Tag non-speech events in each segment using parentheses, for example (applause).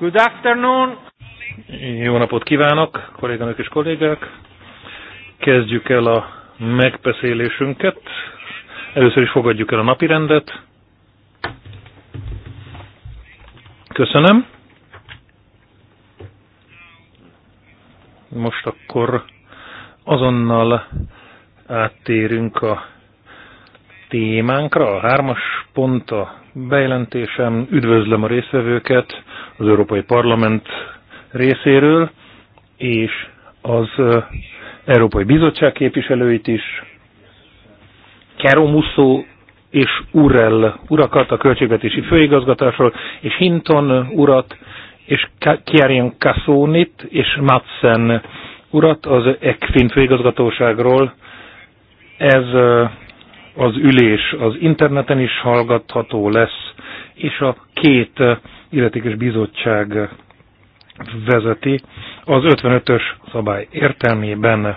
Good afternoon. Jó napot kívánok, kolléganők és kollégák. Kezdjük el a megbeszélésünket. Először is fogadjuk el a napi rendet. Köszönöm. Most akkor azonnal áttérünk a témánkra, a hármas pont a bejelentésem. Üdvözlöm a részvevőket az Európai Parlament részéről, és az Európai Bizottság képviselőit is, Keromuszó és Urel urakat a költségvetési főigazgatásról, és Hinton urat, és Kierien Kassonit, és Madsen urat az ECFIN főigazgatóságról. Ez az ülés az interneten is hallgatható lesz, és a két eh, illetékes bizottság vezeti az 55-ös szabály értelmében,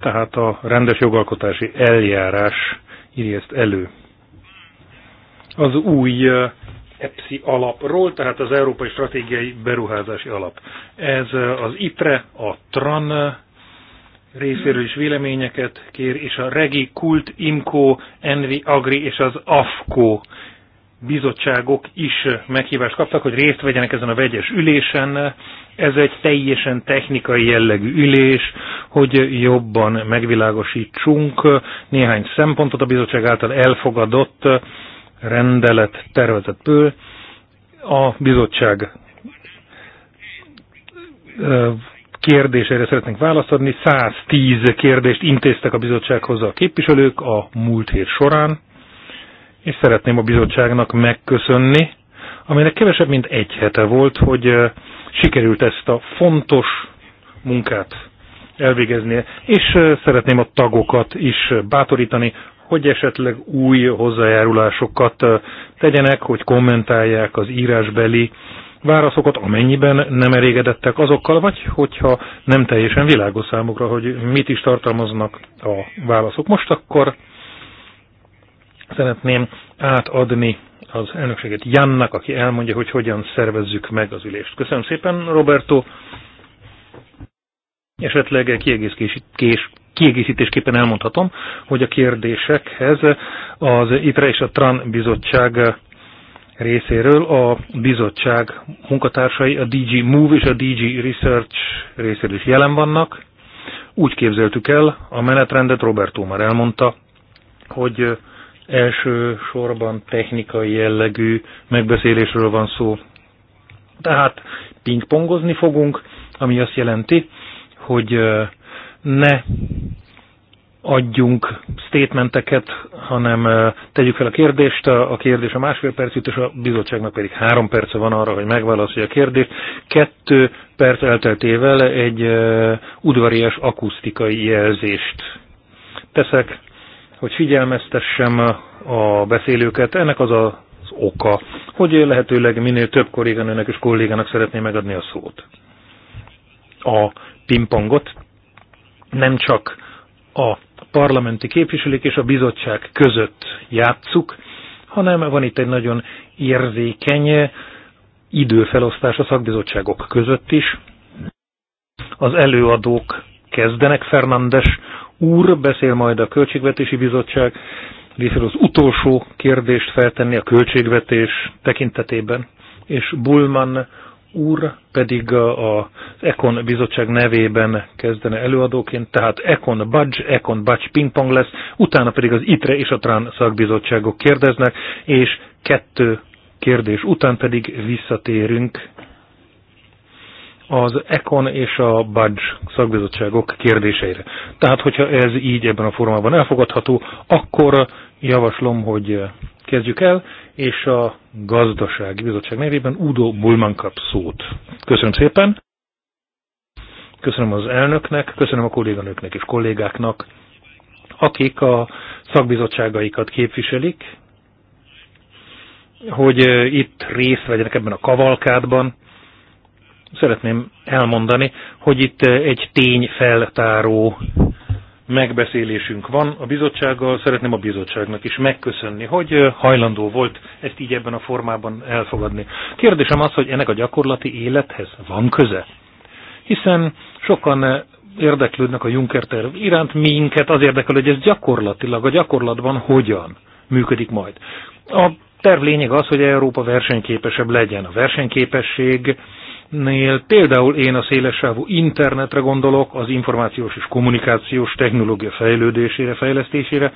tehát a rendes jogalkotási eljárás írja ezt elő. Az új eh, EPSI alapról, tehát az Európai Stratégiai Beruházási Alap. Ez eh, az ITRE, a TRAN részéről is véleményeket kér, és a Regi, Kult, Imko, Envi, Agri és az AFKO bizottságok is meghívást kaptak, hogy részt vegyenek ezen a vegyes ülésen. Ez egy teljesen technikai jellegű ülés, hogy jobban megvilágosítsunk néhány szempontot a bizottság által elfogadott rendelet tervezetből. A bizottság kérdésére szeretnénk választ adni. 110 kérdést intéztek a bizottsághoz a képviselők a múlt hét során, és szeretném a bizottságnak megköszönni, aminek kevesebb, mint egy hete volt, hogy sikerült ezt a fontos munkát elvégeznie, és szeretném a tagokat is bátorítani, hogy esetleg új hozzájárulásokat tegyenek, hogy kommentálják az írásbeli válaszokat, amennyiben nem elégedettek azokkal, vagy hogyha nem teljesen világos számukra, hogy mit is tartalmaznak a válaszok. Most akkor szeretném átadni az elnökséget Jannak, aki elmondja, hogy hogyan szervezzük meg az ülést. Köszönöm szépen, Roberto. Esetleg kiegészítés, kiegészítésképpen elmondhatom, hogy a kérdésekhez az ITRE és a TRAN bizottság részéről a bizottság munkatársai, a DG Move és a DG Research részéről is jelen vannak. Úgy képzeltük el a menetrendet, Roberto már elmondta, hogy első sorban technikai jellegű megbeszélésről van szó. Tehát pingpongozni fogunk, ami azt jelenti, hogy ne adjunk statementeket, hanem tegyük fel a kérdést, a kérdés a másfél perc és a bizottságnak pedig három perce van arra, hogy megválaszolja a kérdést. Kettő perc elteltével egy udvarias akusztikai jelzést teszek, hogy figyelmeztessem a beszélőket. Ennek az a oka, hogy lehetőleg minél több kolléganőnek és kollégának szeretné megadni a szót. A pingpongot nem csak a parlamenti képviselők és a bizottság között játszuk, hanem van itt egy nagyon érzékeny időfelosztás a szakbizottságok között is. Az előadók kezdenek, Fernandes úr beszél majd a Költségvetési Bizottság, részéről az utolsó kérdést feltenni a költségvetés tekintetében, és Bullman úr pedig az Econ bizottság nevében kezdene előadóként, tehát Econ Budge, Econ Budge pingpong lesz, utána pedig az ITRE és a TRAN szakbizottságok kérdeznek, és kettő kérdés után pedig visszatérünk az ECON és a BUDGE szakbizottságok kérdéseire. Tehát, hogyha ez így ebben a formában elfogadható, akkor javaslom, hogy kezdjük el, és a gazdasági bizottság nevében Udo Bullman kap szót. Köszönöm szépen! Köszönöm az elnöknek, köszönöm a kolléganőknek és kollégáknak, akik a szakbizottságaikat képviselik, hogy eh, itt részt vegyenek ebben a kavalkádban, szeretném elmondani, hogy itt eh, egy tényfeltáró megbeszélésünk van a bizottsággal, szeretném a bizottságnak is megköszönni, hogy eh, hajlandó volt ezt így ebben a formában elfogadni. Kérdésem az, hogy ennek a gyakorlati élethez van köze? Hiszen sokan eh, érdeklődnek a Juncker terv iránt, minket az érdekel, hogy ez gyakorlatilag, a gyakorlatban hogyan működik majd. A terv lényeg az, hogy Európa versenyképesebb legyen. A versenyképesség nél például én a szélessávú internetre gondolok, az információs és kommunikációs technológia fejlődésére, fejlesztésére.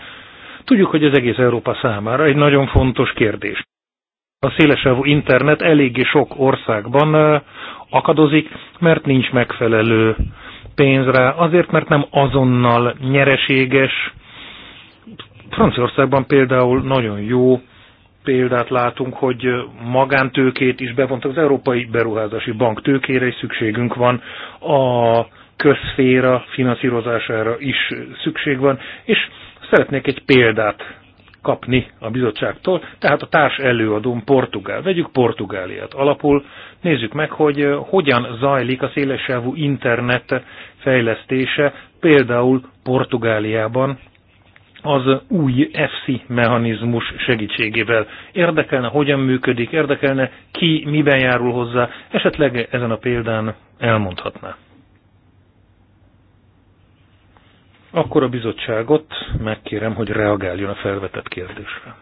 Tudjuk, hogy az egész Európa számára egy nagyon fontos kérdés. A szélessávú internet eléggé sok országban akadozik, mert nincs megfelelő pénz rá, azért, mert nem azonnal nyereséges. Franciaországban például nagyon jó példát látunk, hogy magántőkét is bevontak az Európai Beruházási Bank tőkére, és szükségünk van a közféra finanszírozására is szükség van, és szeretnék egy példát kapni a bizottságtól, tehát a társ előadón Portugál. Vegyük Portugáliát alapul, nézzük meg, hogy hogyan zajlik a szélesávú internet fejlesztése például Portugáliában, az új FC mechanizmus segítségével. Érdekelne, hogyan működik, érdekelne, ki miben járul hozzá, esetleg ezen a példán elmondhatná. Akkor a bizottságot megkérem, hogy reagáljon a felvetett kérdésre.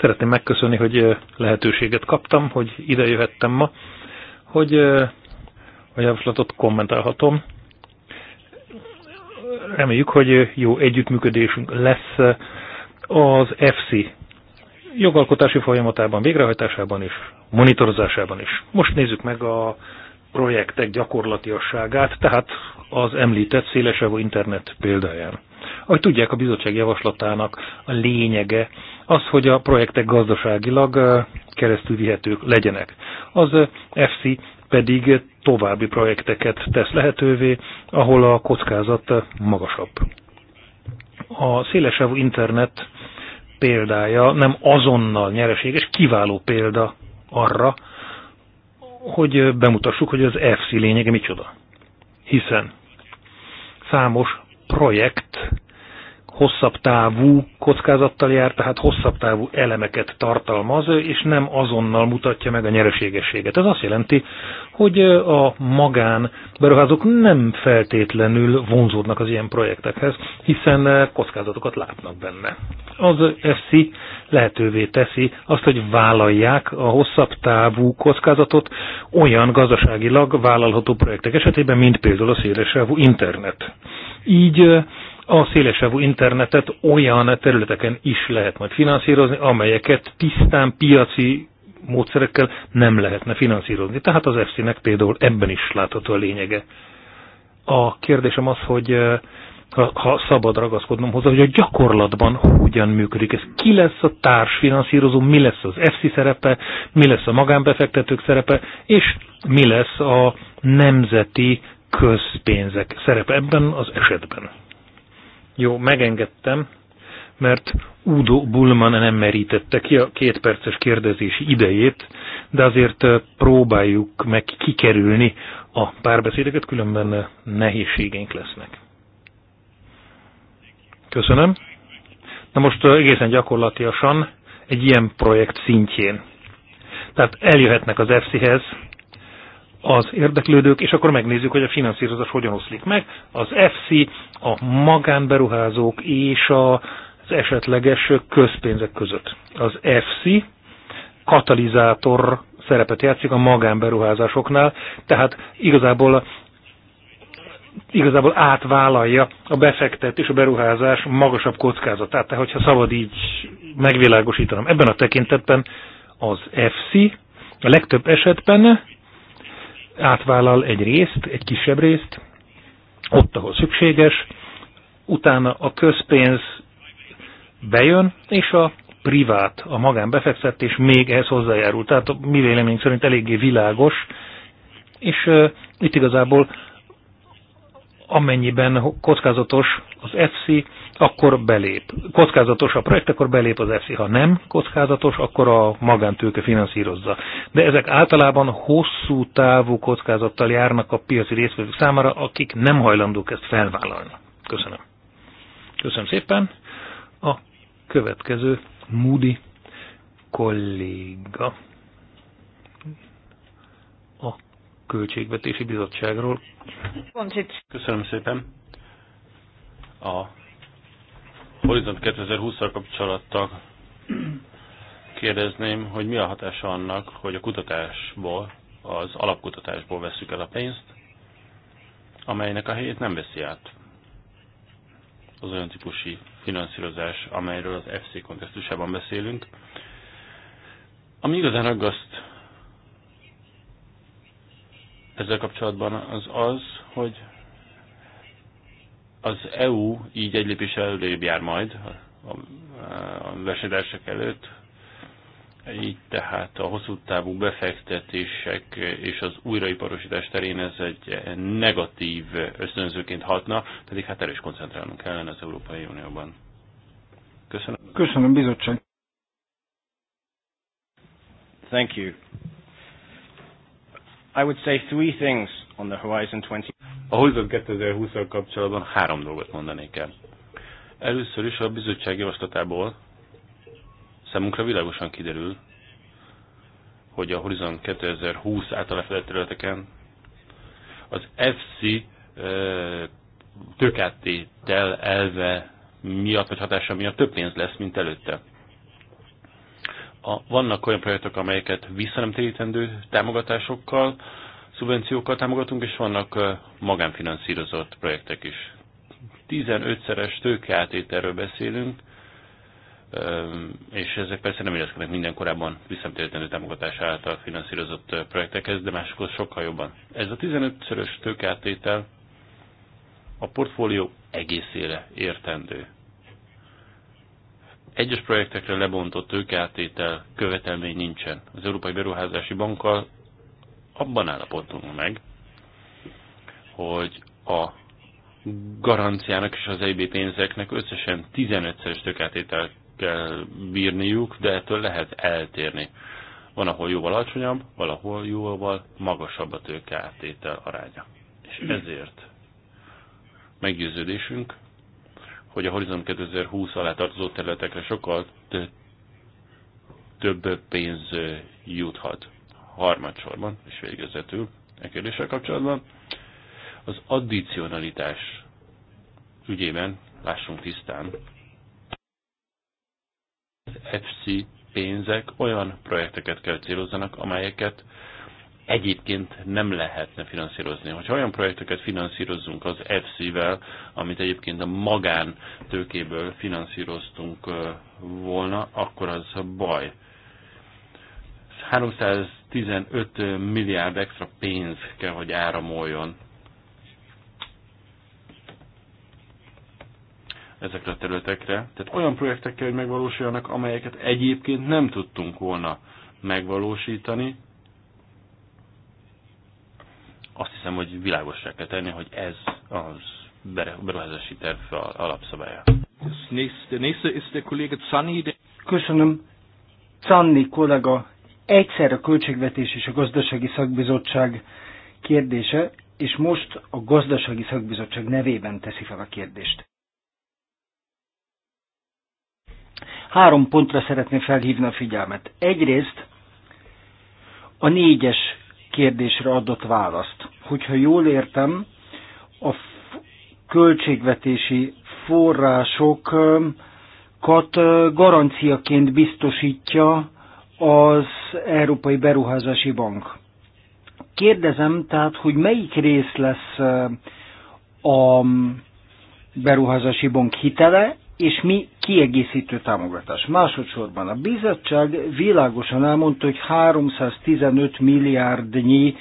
Szeretném megköszönni, hogy eh, lehetőséget kaptam, hogy ide jöhettem ma, hogy eh, a javaslatot kommentálhatom reméljük, hogy jó együttműködésünk lesz az FC jogalkotási folyamatában, végrehajtásában és monitorozásában is. Most nézzük meg a projektek gyakorlatiasságát, tehát az említett szélesebb internet példáján. Ahogy tudják, a bizottság javaslatának a lényege az, hogy a projektek gazdaságilag eh, keresztül vihetők legyenek. Az FC pedig további projekteket tesz lehetővé, ahol a kockázat magasabb. A szélesávú internet példája nem azonnal nyereséges, kiváló példa arra, hogy bemutassuk, hogy az FC lényege micsoda. Hiszen számos projekt hosszabb távú kockázattal jár, tehát hosszabb távú elemeket tartalmaz, és nem azonnal mutatja meg a nyereségességet. Ez azt jelenti, hogy a magán beruházók nem feltétlenül vonzódnak az ilyen projektekhez, hiszen kockázatokat látnak benne. Az eszi lehetővé teszi azt, hogy vállalják a hosszabb távú kockázatot olyan gazdaságilag vállalható projektek esetében, mint például a szélesávú internet. Így a szélesávú internetet olyan területeken is lehet majd finanszírozni, amelyeket tisztán piaci módszerekkel nem lehetne finanszírozni. Tehát az FC-nek például ebben is látható a lényege. A kérdésem az, hogy eh, ha, ha szabad ragaszkodnom hozzá, hogy a gyakorlatban hogyan működik ez. Ki lesz a társfinanszírozó, mi lesz az FC szerepe, mi lesz a magánbefektetők szerepe, és mi lesz a nemzeti közpénzek szerepe ebben az esetben. Jó, megengedtem, mert Udo Bullman nem merítette ki a kétperces kérdezési idejét, de azért próbáljuk meg kikerülni a párbeszédeket, különben nehézségeink lesznek. Köszönöm. Na most egészen gyakorlatilag egy ilyen projekt szintjén. Tehát eljöhetnek az fc hez az érdeklődők, és akkor megnézzük, hogy a finanszírozás hogyan oszlik meg. Az FC, a magánberuházók és a az esetleges közpénzek között. Az FC katalizátor szerepet játszik a magánberuházásoknál, tehát igazából igazából átvállalja a befektet és a beruházás magasabb kockázatát. Tehát, hogyha szabad így megvilágosítanom. Ebben a tekintetben az FC a legtöbb esetben átvállal egy részt, egy kisebb részt, ott, ahol szükséges, utána a közpénz bejön, és a privát, a magánbefektetés még ehhez hozzájárul. Tehát mi vélemény szerint eléggé világos, és uh, itt igazából amennyiben kockázatos az FC, akkor belép. Kockázatos a projekt, akkor belép az EFSI. Ha nem kockázatos, akkor a magántőke finanszírozza. De ezek általában hosszú távú kockázattal járnak a piaci részvevők számára, akik nem hajlandók ezt felvállalni. Köszönöm. Köszönöm szépen. A következő Moody kolléga a Költségvetési Bizottságról. Köszönöm szépen. A Horizont 2020 ra kapcsolattal kérdezném, hogy mi a hatása annak, hogy a kutatásból, az alapkutatásból vesszük el a pénzt, amelynek a helyét nem veszi át az olyan típusi finanszírozás, amelyről az FC kontextusában beszélünk. Ami igazán aggaszt ezzel kapcsolatban az az, hogy az EU így egy lépés előrébb jár majd a versenytársak előtt, így tehát a hosszú távú befektetések és az újraiparosítás terén ez egy negatív ösztönzőként hatna, pedig hát erős koncentrálnunk kellene az Európai Unióban. Köszönöm. Köszönöm, bizottság. Thank you. I would say three things on the Horizon 20. A Horizon 2020-al kapcsolatban három dolgot mondanék el. Először is a bizottság javaslatából számunkra világosan kiderül, hogy a Horizon 2020 által lefedett területeken az FC eh, tökáttétel elve miatt, vagy hatása miatt több pénz lesz, mint előtte. A, vannak olyan projektek, amelyeket visszanemtérítendő támogatásokkal, szubvenciókkal támogatunk, és vannak magánfinanszírozott projektek is. 15-szeres tőkeátételről beszélünk, és ezek persze nem illeszkednek minden korábban visszamtérítendő támogatás által finanszírozott projektekhez, de másokhoz sokkal jobban. Ez a 15-szörös tőkeátétel a portfólió egészére értendő. Egyes projektekre lebontott tőkeátétel követelmény nincsen. Az Európai Beruházási Bankkal abban állapodtunk meg, hogy a garanciának és az EIB pénzeknek összesen 15-szeres tökátételt kell bírniuk, de ettől lehet eltérni. Van, ahol jóval alacsonyabb, valahol jóval magasabb a tőkeáttétel aránya. És ezért meggyőződésünk, hogy a Horizon 2020 alá tartozó területekre sokkal több pénz juthat harmadsorban, és végezetül e kérdéssel kapcsolatban, az addicionalitás ügyében lássunk tisztán, az FC pénzek olyan projekteket kell célozzanak, amelyeket egyébként nem lehetne finanszírozni. Hogyha olyan projekteket finanszírozunk az FC-vel, amit egyébként a magán tőkéből finanszíroztunk volna, akkor az baj. 300 15 milliárd extra pénz kell, hogy áramoljon ezekre a területekre. Tehát olyan kell, hogy megvalósuljanak, amelyeket egyébként nem tudtunk volna megvalósítani. Azt hiszem, hogy világosra kell tenni, hogy ez az beruházási terv alapszabálya. Köszönöm. Czanni kollega egyszer a Költségvetés és a Gazdasági Szakbizottság kérdése, és most a Gazdasági Szakbizottság nevében teszi fel a kérdést. Három pontra szeretném felhívni a figyelmet. Egyrészt a négyes kérdésre adott választ. Hogyha jól értem, a költségvetési forrásokat garanciaként biztosítja az Európai Beruházási Bank. Kérdezem tehát, hogy melyik rész lesz a beruházási bank hitele, és mi kiegészítő támogatás. Másodszorban a bizottság világosan elmondta, hogy 315 milliárdnyi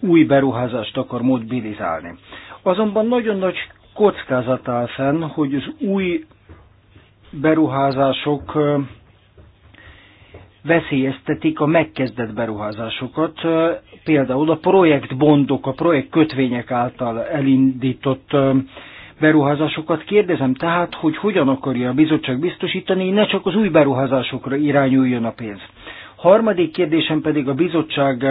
új beruházást akar mobilizálni. Azonban nagyon nagy kockázat áll fenn, hogy az új beruházások veszélyeztetik a megkezdett beruházásokat, például a projektbondok, a projektkötvények által elindított beruházásokat. Kérdezem tehát, hogy hogyan akarja a bizottság biztosítani, ne csak az új beruházásokra irányuljon a pénz. Harmadik kérdésem pedig a bizottság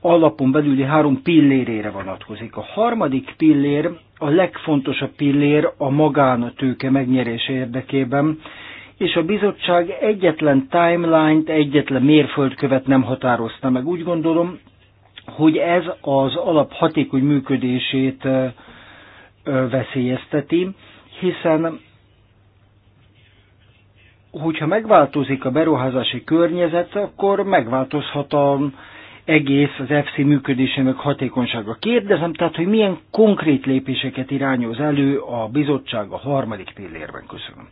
alapon belüli három pillérére vonatkozik. A harmadik pillér a legfontosabb pillér a magántőke megnyerése érdekében, és a bizottság egyetlen timeline-t, egyetlen mérföldkövet nem határozta meg. Úgy gondolom, hogy ez az alap hatékony működését veszélyezteti, hiszen hogyha megváltozik a beruházási környezet, akkor megváltozhat az egész az FC működésének hatékonysága. Kérdezem tehát, hogy milyen konkrét lépéseket irányoz elő a bizottság a harmadik pillérben. Köszönöm.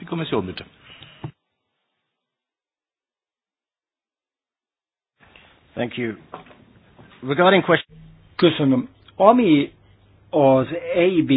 Die Kommission bitte. Thank you. Regarding question... Köszönöm. Ami az EIB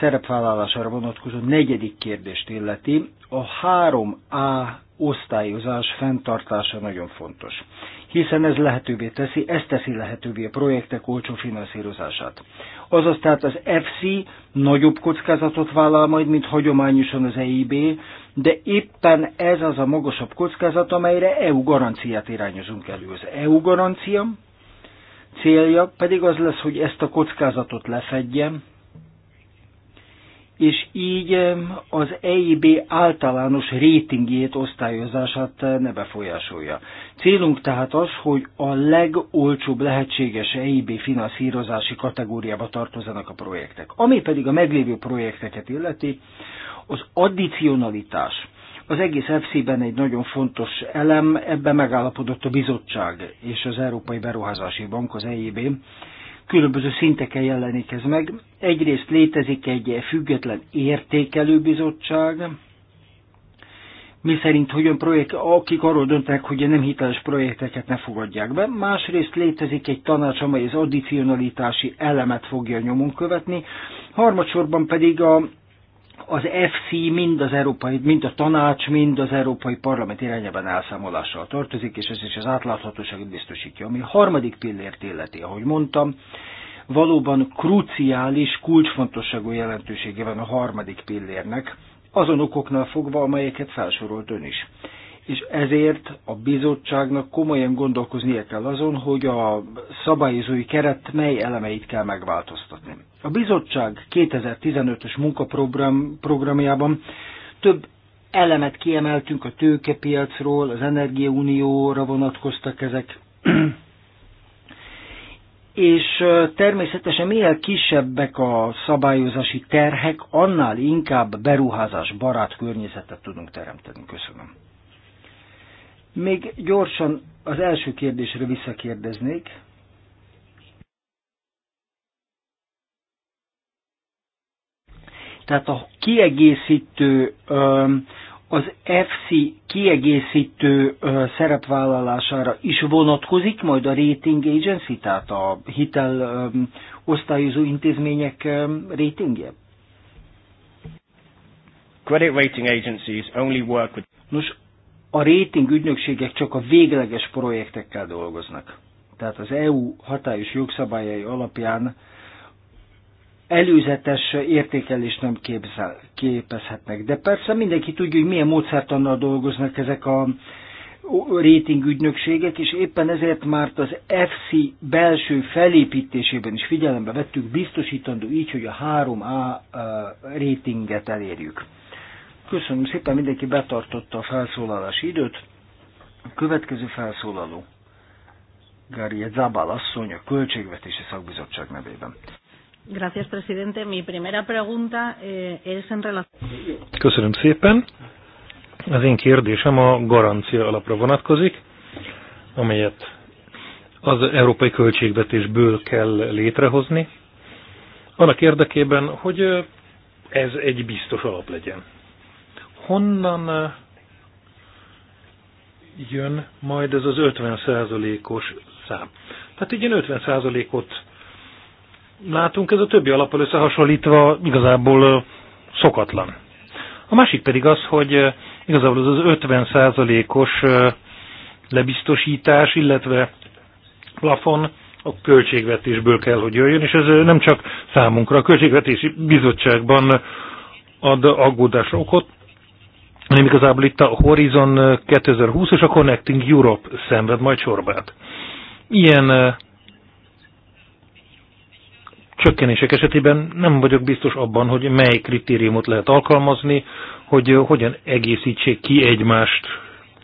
szerepvállalására vonatkozó negyedik kérdést illeti, a 3A osztályozás fenntartása nagyon fontos, hiszen ez lehetővé teszi, ez teszi lehetővé a projektek olcsó finanszírozását. Azaz tehát az FC nagyobb kockázatot vállal majd, mint hagyományosan az EIB, de éppen ez az a magasabb kockázat, amelyre EU garanciát irányozunk elő. Az EU garancia célja pedig az lesz, hogy ezt a kockázatot lefedjem, és így az EIB általános rétingjét, osztályozását eh, ne befolyásolja. Célunk tehát az, hogy a legolcsóbb lehetséges EIB finanszírozási kategóriába tartozanak a projektek. Ami pedig a meglévő projekteket illeti, az addicionalitás az egész EFSZ-ben egy nagyon fontos elem, ebben megállapodott a bizottság és az Európai Beruházási Bank, az EIB, különböző szinteken jelenik ez meg. Egyrészt létezik egy független értékelőbizottság, mi szerint, hogy projekt, akik arról döntenek, hogy nem hiteles projekteket ne fogadják be. Másrészt létezik egy tanács, amely az addicionalitási elemet fogja nyomon követni, harmadsorban pedig a az FC mind az európai, mind a tanács, mind az európai parlament irányában elszámolással tartozik, és ez is az átláthatóságot biztosítja. Ami a harmadik pillért illeti, ahogy mondtam, valóban kruciális, kulcsfontosságú jelentősége van a harmadik pillérnek, azon okoknál fogva, amelyeket felsorolt ön is és ezért a bizottságnak komolyan gondolkoznia kell azon, hogy a szabályozói keret mely elemeit kell megváltoztatni. A bizottság 2015-ös munkaprogramjában több elemet kiemeltünk a tőkepiacról, az energiaunióra vonatkoztak ezek, (clears throat) és természetesen minél kisebbek a szabályozási terhek, annál inkább beruházás barát környezetet tudunk teremteni. Köszönöm. Még gyorsan az első kérdésre visszakérdeznék. Tehát a kiegészítő, az FC kiegészítő szerepvállalására is vonatkozik majd a rating agency, tehát a hitel osztályozó intézmények ratingje? Credit rating agencies only work with... Nos, a rating ügynökségek csak a végleges projektekkel dolgoznak. Tehát az EU hatályos jogszabályai alapján előzetes értékelést nem képzel, képezhetnek. De persze mindenki tudja, hogy milyen módszertannal dolgoznak ezek a rating ügynökségek, és éppen ezért már az FC belső felépítésében is figyelembe vettük, biztosítandó így, hogy a 3A ratinget elérjük. Köszönöm szépen, mindenki betartotta a felszólalási időt. A következő felszólaló, Gária Zabal asszony, a Költségvetési Szakbizottság nevében. Gracias, presidente. Mi primera pregunta eh, es en relación... Köszönöm szépen. Az én kérdésem a garancia alapra vonatkozik, amelyet az európai költségvetésből kell létrehozni, annak érdekében, hogy eh, ez egy biztos alap legyen honnan eh, jön majd ez az 50%-os szám. Tehát így 50%-ot látunk, ez a többi alapból összehasonlítva igazából eh, szokatlan. A másik pedig az, hogy eh, igazából az az 50%-os lebiztosítás, illetve plafon a költségvetésből kell, hogy jöjjön, és ez nem csak számunkra, a költségvetési bizottságban ad aggódásra okot, hanem igazából itt a Horizon 2020 és a Connecting Europe szenved majd sorbát. Ilyen csökkenések esetében nem vagyok biztos abban, hogy mely kritériumot lehet alkalmazni, hogy hogyan egészítsék ki egymást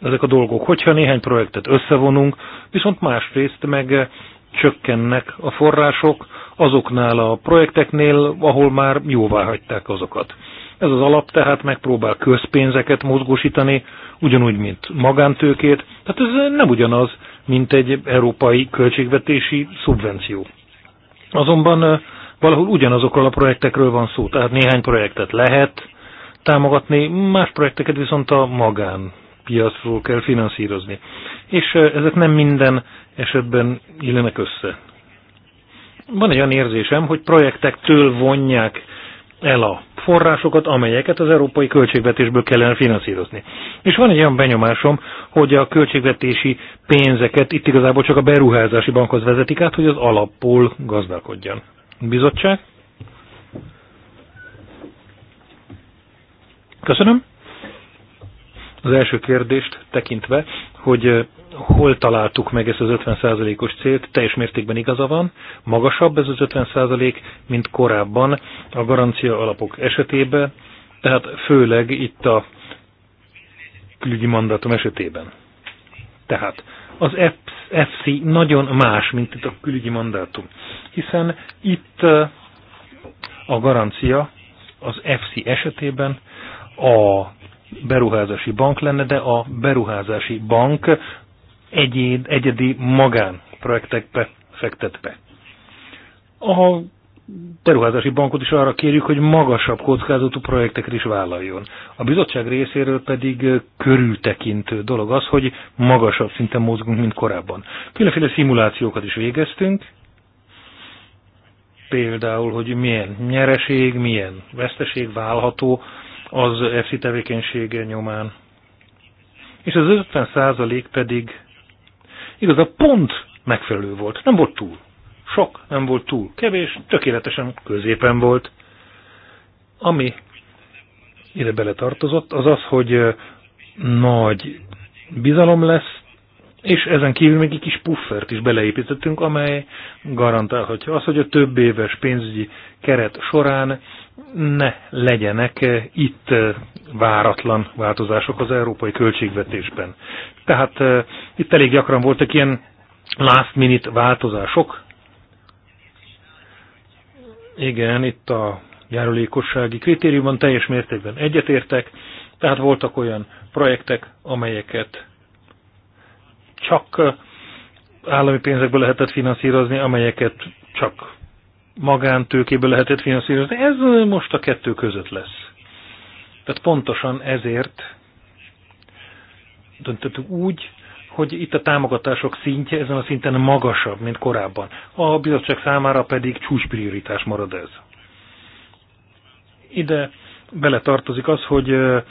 ezek a dolgok. Hogyha néhány projektet összevonunk, viszont másrészt meg csökkennek a források azoknál a projekteknél, ahol már jóvá hagyták azokat. Ez az alap tehát megpróbál közpénzeket mozgósítani, ugyanúgy, mint magántőkét. Tehát ez nem ugyanaz, mint egy európai költségvetési szubvenció. Azonban valahol ugyanazokkal a projektekről van szó. Tehát néhány projektet lehet támogatni, más projekteket viszont a magán piacról kell finanszírozni. És ezek nem minden esetben illenek össze. Van egy olyan érzésem, hogy projektektől vonják el a forrásokat, amelyeket az európai költségvetésből kellene finanszírozni. És van egy olyan benyomásom, hogy a költségvetési pénzeket itt igazából csak a beruházási bankhoz vezetik át, hogy az alapból gazdálkodjon. Bizottság? Köszönöm. Az első kérdést tekintve hogy hol találtuk meg ezt az 50%-os célt, teljes mértékben igaza van, magasabb ez az 50%, mint korábban a garancia alapok esetében, tehát főleg itt a külügyi mandátum esetében. Tehát az FC nagyon más, mint itt a külügyi mandátum, hiszen itt a garancia az FC esetében a beruházási bank lenne, de a beruházási bank egyéb, egyedi magán projektekbe fektet be. A beruházási bankot is arra kérjük, hogy magasabb kockázatú projektekre is vállaljon. A bizottság részéről pedig körültekintő dolog az, hogy magasabb szinten mozgunk, mint korábban. Különféle szimulációkat is végeztünk, például, hogy milyen nyereség, milyen veszteség válható az EFSI tevékenység nyomán. És az 50 százalék pedig igaz, pont megfelelő volt, nem volt túl. Sok, nem volt túl. Kevés, tökéletesen középen volt. Ami ide beletartozott, az az, hogy nagy bizalom lesz, és ezen kívül még egy kis puffert is beleépítettünk, amely garantálhatja azt, hogy a több éves pénzügyi keret során ne legyenek eh, itt eh, váratlan változások az európai költségvetésben. Tehát eh, itt elég gyakran voltak ilyen last minute változások. Igen, itt a járulékossági kritériumban teljes mértékben egyetértek, tehát voltak olyan projektek, amelyeket csak állami pénzekből lehetett finanszírozni, amelyeket csak magántőkéből lehetett finanszírozni. Ez most a kettő között lesz. Tehát pontosan ezért döntöttük úgy, hogy itt a támogatások szintje ezen a szinten magasabb, mint korábban. A bizottság számára pedig csúcsprioritás marad ez. Ide beletartozik az, hogy uh,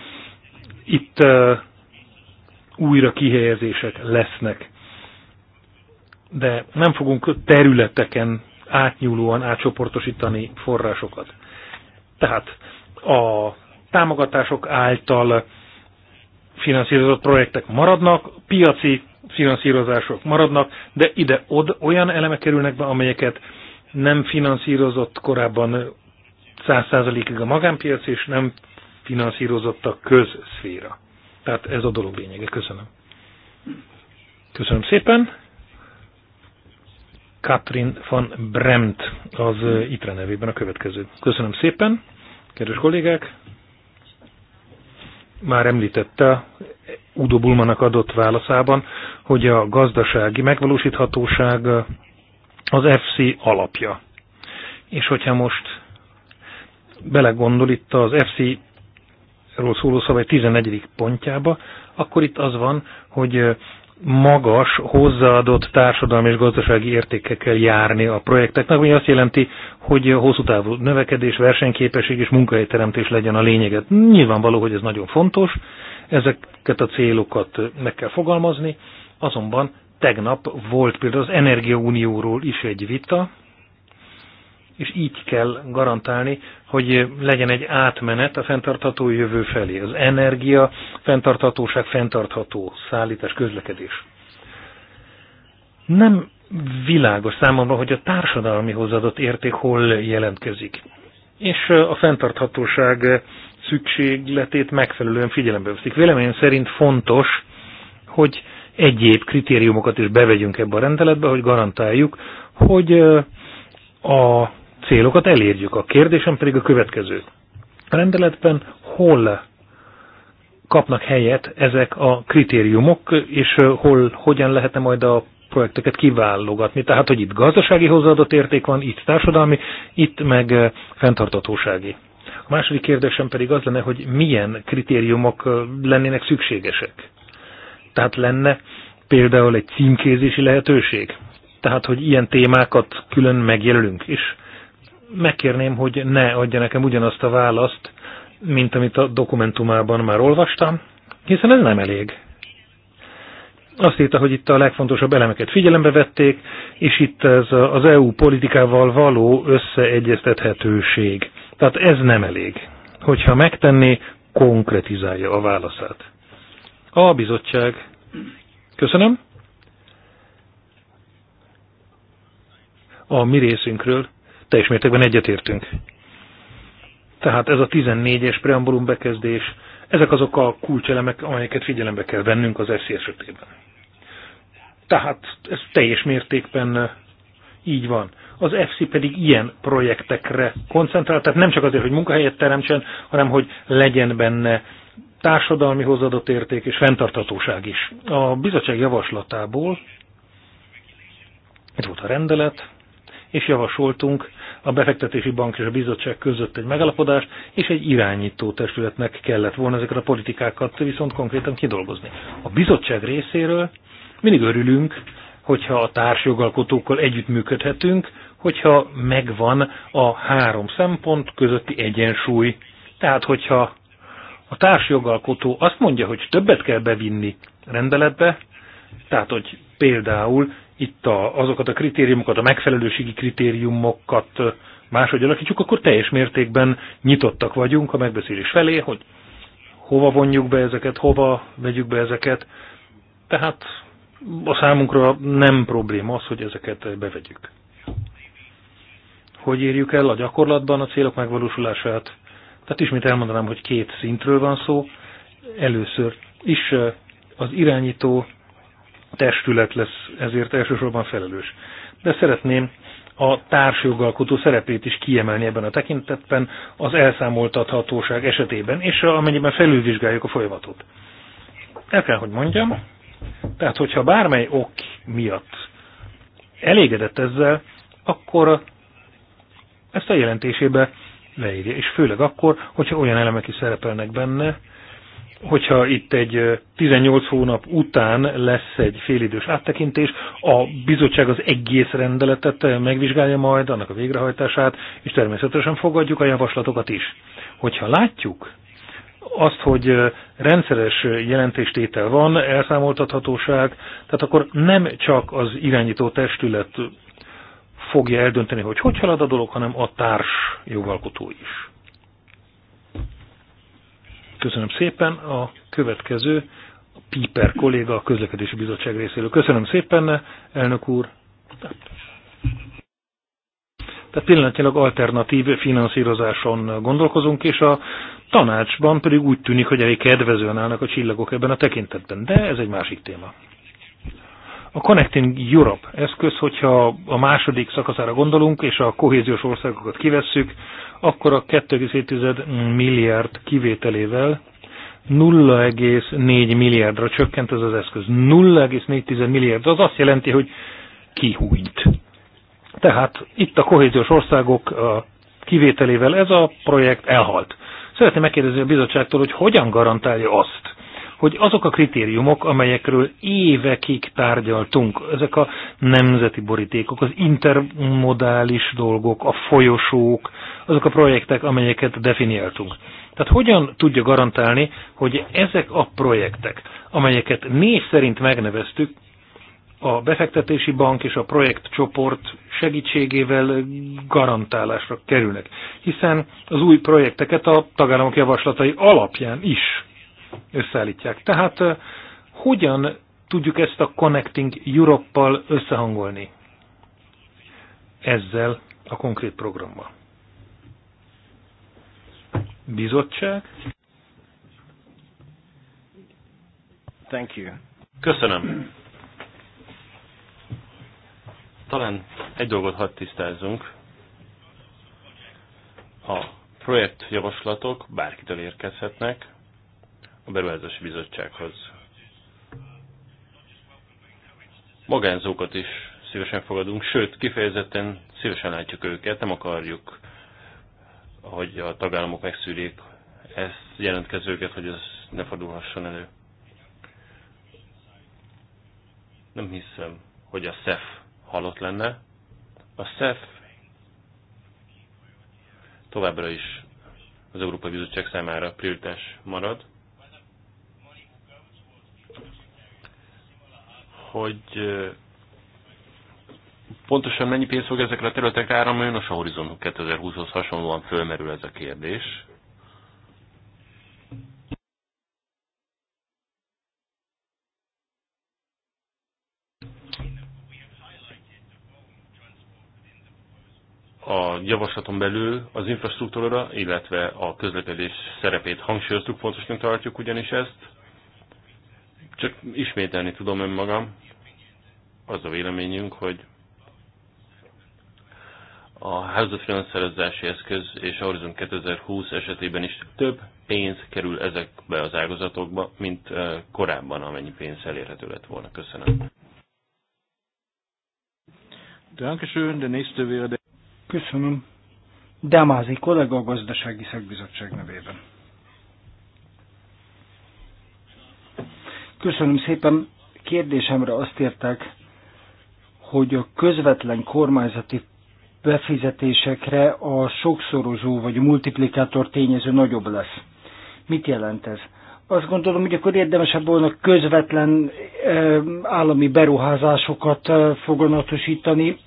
itt uh, újra kihelyezések lesznek. De nem fogunk területeken átnyúlóan átcsoportosítani forrásokat. Tehát a támogatások által finanszírozott projektek maradnak, piaci finanszírozások maradnak, de ide od olyan elemek kerülnek be, amelyeket nem finanszírozott korábban 100%-ig a magánpiac, és nem finanszírozott a közszféra. Tehát ez a dolog lényege. Köszönöm. Köszönöm szépen. Katrin van Bremt az ITRE nevében a következő. Köszönöm szépen, kedves kollégák. Már említette Udo Bulmanak adott válaszában, hogy a gazdasági megvalósíthatóság az FC alapja. És hogyha most belegondol itt az FC ról szóló szabály 11. pontjába, akkor itt az van, hogy magas, hozzáadott társadalmi és gazdasági értékekkel járni a projekteknek, ami azt jelenti, hogy hosszú távú növekedés, versenyképesség és munkahelyteremtés legyen a lényeget. Nyilvánvaló, hogy ez nagyon fontos, ezeket a célokat meg kell fogalmazni, azonban tegnap volt például az Energiaunióról is egy vita, és így kell garantálni, hogy legyen egy átmenet a fenntartható jövő felé. Az energia, fenntarthatóság, fenntartható szállítás, közlekedés. Nem világos számomra, hogy a társadalmi hozzáadott érték hol jelentkezik. És a fenntarthatóság szükségletét megfelelően figyelembe veszik. Véleményem szerint fontos, hogy egyéb kritériumokat is bevegyünk ebbe a rendeletbe, hogy garantáljuk, hogy a célokat elérjük. A kérdésem pedig a következő. A rendeletben hol kapnak helyet ezek a kritériumok, és hol, hogyan lehetne majd a projekteket kiválogatni. Tehát, hogy itt gazdasági hozzáadott érték van, itt társadalmi, itt meg eh, fenntartatósági. A második kérdésem pedig az lenne, hogy milyen kritériumok eh, lennének szükségesek. Tehát lenne például egy címkézési lehetőség. Tehát, hogy ilyen témákat külön megjelölünk, és megkérném, hogy ne adja nekem ugyanazt a választ, mint amit a dokumentumában már olvastam, hiszen ez nem elég. Azt írta, hogy itt a legfontosabb elemeket figyelembe vették, és itt ez az EU politikával való összeegyeztethetőség. Tehát ez nem elég. Hogyha megtenné, konkretizálja a válaszát. A bizottság. Köszönöm. A mi részünkről teljes mértékben egyetértünk. Tehát ez a 14-es preambulum bekezdés, ezek azok a kulcselemek, amelyeket figyelembe kell vennünk az eszi esetében. Tehát ez teljes mértékben így van. Az FC pedig ilyen projektekre koncentrál, tehát nem csak azért, hogy munkahelyet teremtsen, hanem hogy legyen benne társadalmi hozadott érték és fenntartatóság is. A bizottság javaslatából itt volt a rendelet, és javasoltunk a befektetési bank és a bizottság között egy megalapodást, és egy irányító testületnek kellett volna ezeket a politikákat viszont konkrétan kidolgozni. A bizottság részéről mindig örülünk, hogyha a társjogalkotókkal együttműködhetünk, hogyha megvan a három szempont közötti egyensúly. Tehát, hogyha a társjogalkotó azt mondja, hogy többet kell bevinni rendeletbe, tehát, hogy például itt a, azokat a kritériumokat, a megfelelőségi kritériumokat máshogy alakítsuk, akkor teljes mértékben nyitottak vagyunk a megbeszélés felé, hogy hova vonjuk be ezeket, hova vegyük be ezeket. Tehát a számunkra nem probléma az, hogy ezeket bevegyük. Hogy érjük el a gyakorlatban a célok megvalósulását? Tehát ismét elmondanám, hogy két szintről van szó. Először is az irányító testület lesz ezért elsősorban felelős. De szeretném a társjogalkotó szerepét is kiemelni ebben a tekintetben az elszámoltathatóság esetében, és amennyiben felülvizsgáljuk a folyamatot. El kell, hogy mondjam, tehát hogyha bármely ok miatt elégedett ezzel, akkor ezt a jelentésébe leírja, és főleg akkor, hogyha olyan elemek is szerepelnek benne, hogyha itt egy 18 hónap után lesz egy félidős áttekintés, a bizottság az egész rendeletet megvizsgálja majd, annak a végrehajtását, és természetesen fogadjuk a javaslatokat is. Hogyha látjuk azt, hogy rendszeres jelentéstétel van, elszámoltathatóság, tehát akkor nem csak az irányító testület fogja eldönteni, hogy hogy halad a dolog, hanem a társ jogalkotó is. Köszönöm szépen. A következő a Piper kolléga a közlekedési bizottság részéről. Köszönöm szépen, elnök úr. Tehát pillanatnyilag alternatív finanszírozáson gondolkozunk, és a tanácsban pedig úgy tűnik, hogy elég kedvezően állnak a csillagok ebben a tekintetben. De ez egy másik téma. A Connecting Europe eszköz, hogyha a második szakaszára gondolunk, és a kohéziós országokat kivesszük, akkor a 2,7 milliárd kivételével 0,4 milliárdra csökkent ez az eszköz. 0,4 milliárd, az azt jelenti, hogy kihújt. Tehát itt a kohéziós országok kivételével ez a projekt elhalt. Szeretném megkérdezni a bizottságtól, hogy hogyan garantálja azt, hogy azok a kritériumok, amelyekről évekig tárgyaltunk, ezek a nemzeti borítékok, az intermodális dolgok, a folyosók, azok a projektek, amelyeket definiáltunk. Tehát hogyan tudja garantálni, hogy ezek a projektek, amelyeket név szerint megneveztük, a befektetési bank és a projektcsoport segítségével garantálásra kerülnek, hiszen az új projekteket a tagállamok javaslatai alapján is összeállítják. Tehát hogyan tudjuk ezt a Connecting Europe-pal összehangolni ezzel a konkrét programmal? Bizottság? Thank you. Köszönöm. Talán egy dolgot hadd tisztázzunk. A projektjavaslatok bárkitől érkezhetnek, a Beruházási Bizottsághoz. Magánzókat is szívesen fogadunk, sőt, kifejezetten szívesen látjuk őket, nem akarjuk, hogy a tagállamok megszűrjék ezt jelentkezőket, hogy ez ne fordulhasson elő. Nem hiszem, hogy a SEF halott lenne. A SEF továbbra is az Európai Bizottság számára prioritás marad. hogy pontosan mennyi pénz fog ezekre a területekre áramlani, nos a Horizon 2020-hoz hasonlóan fölmerül ez a kérdés. a javaslaton belül az infrastruktúra, illetve a közlekedés szerepét hangsúlyoztuk, fontosnak tartjuk ugyanis ezt. Csak ismételni tudom önmagam, az a véleményünk, hogy a házatfinanszírozási eszköz és a Horizon 2020 esetében is több pénz kerül ezekbe az ágazatokba, mint korábban, amennyi pénz elérhető lett volna. Köszönöm. Köszönöm. Damázi kollega a gazdasági szakbizottság nevében. Köszönöm szépen. Kérdésemre azt értek, hogy a közvetlen kormányzati befizetésekre a sokszorozó vagy a multiplikátor tényező nagyobb lesz. Mit jelent ez? Azt gondolom, hogy akkor érdemesebb volna közvetlen állami beruházásokat foganatosítani.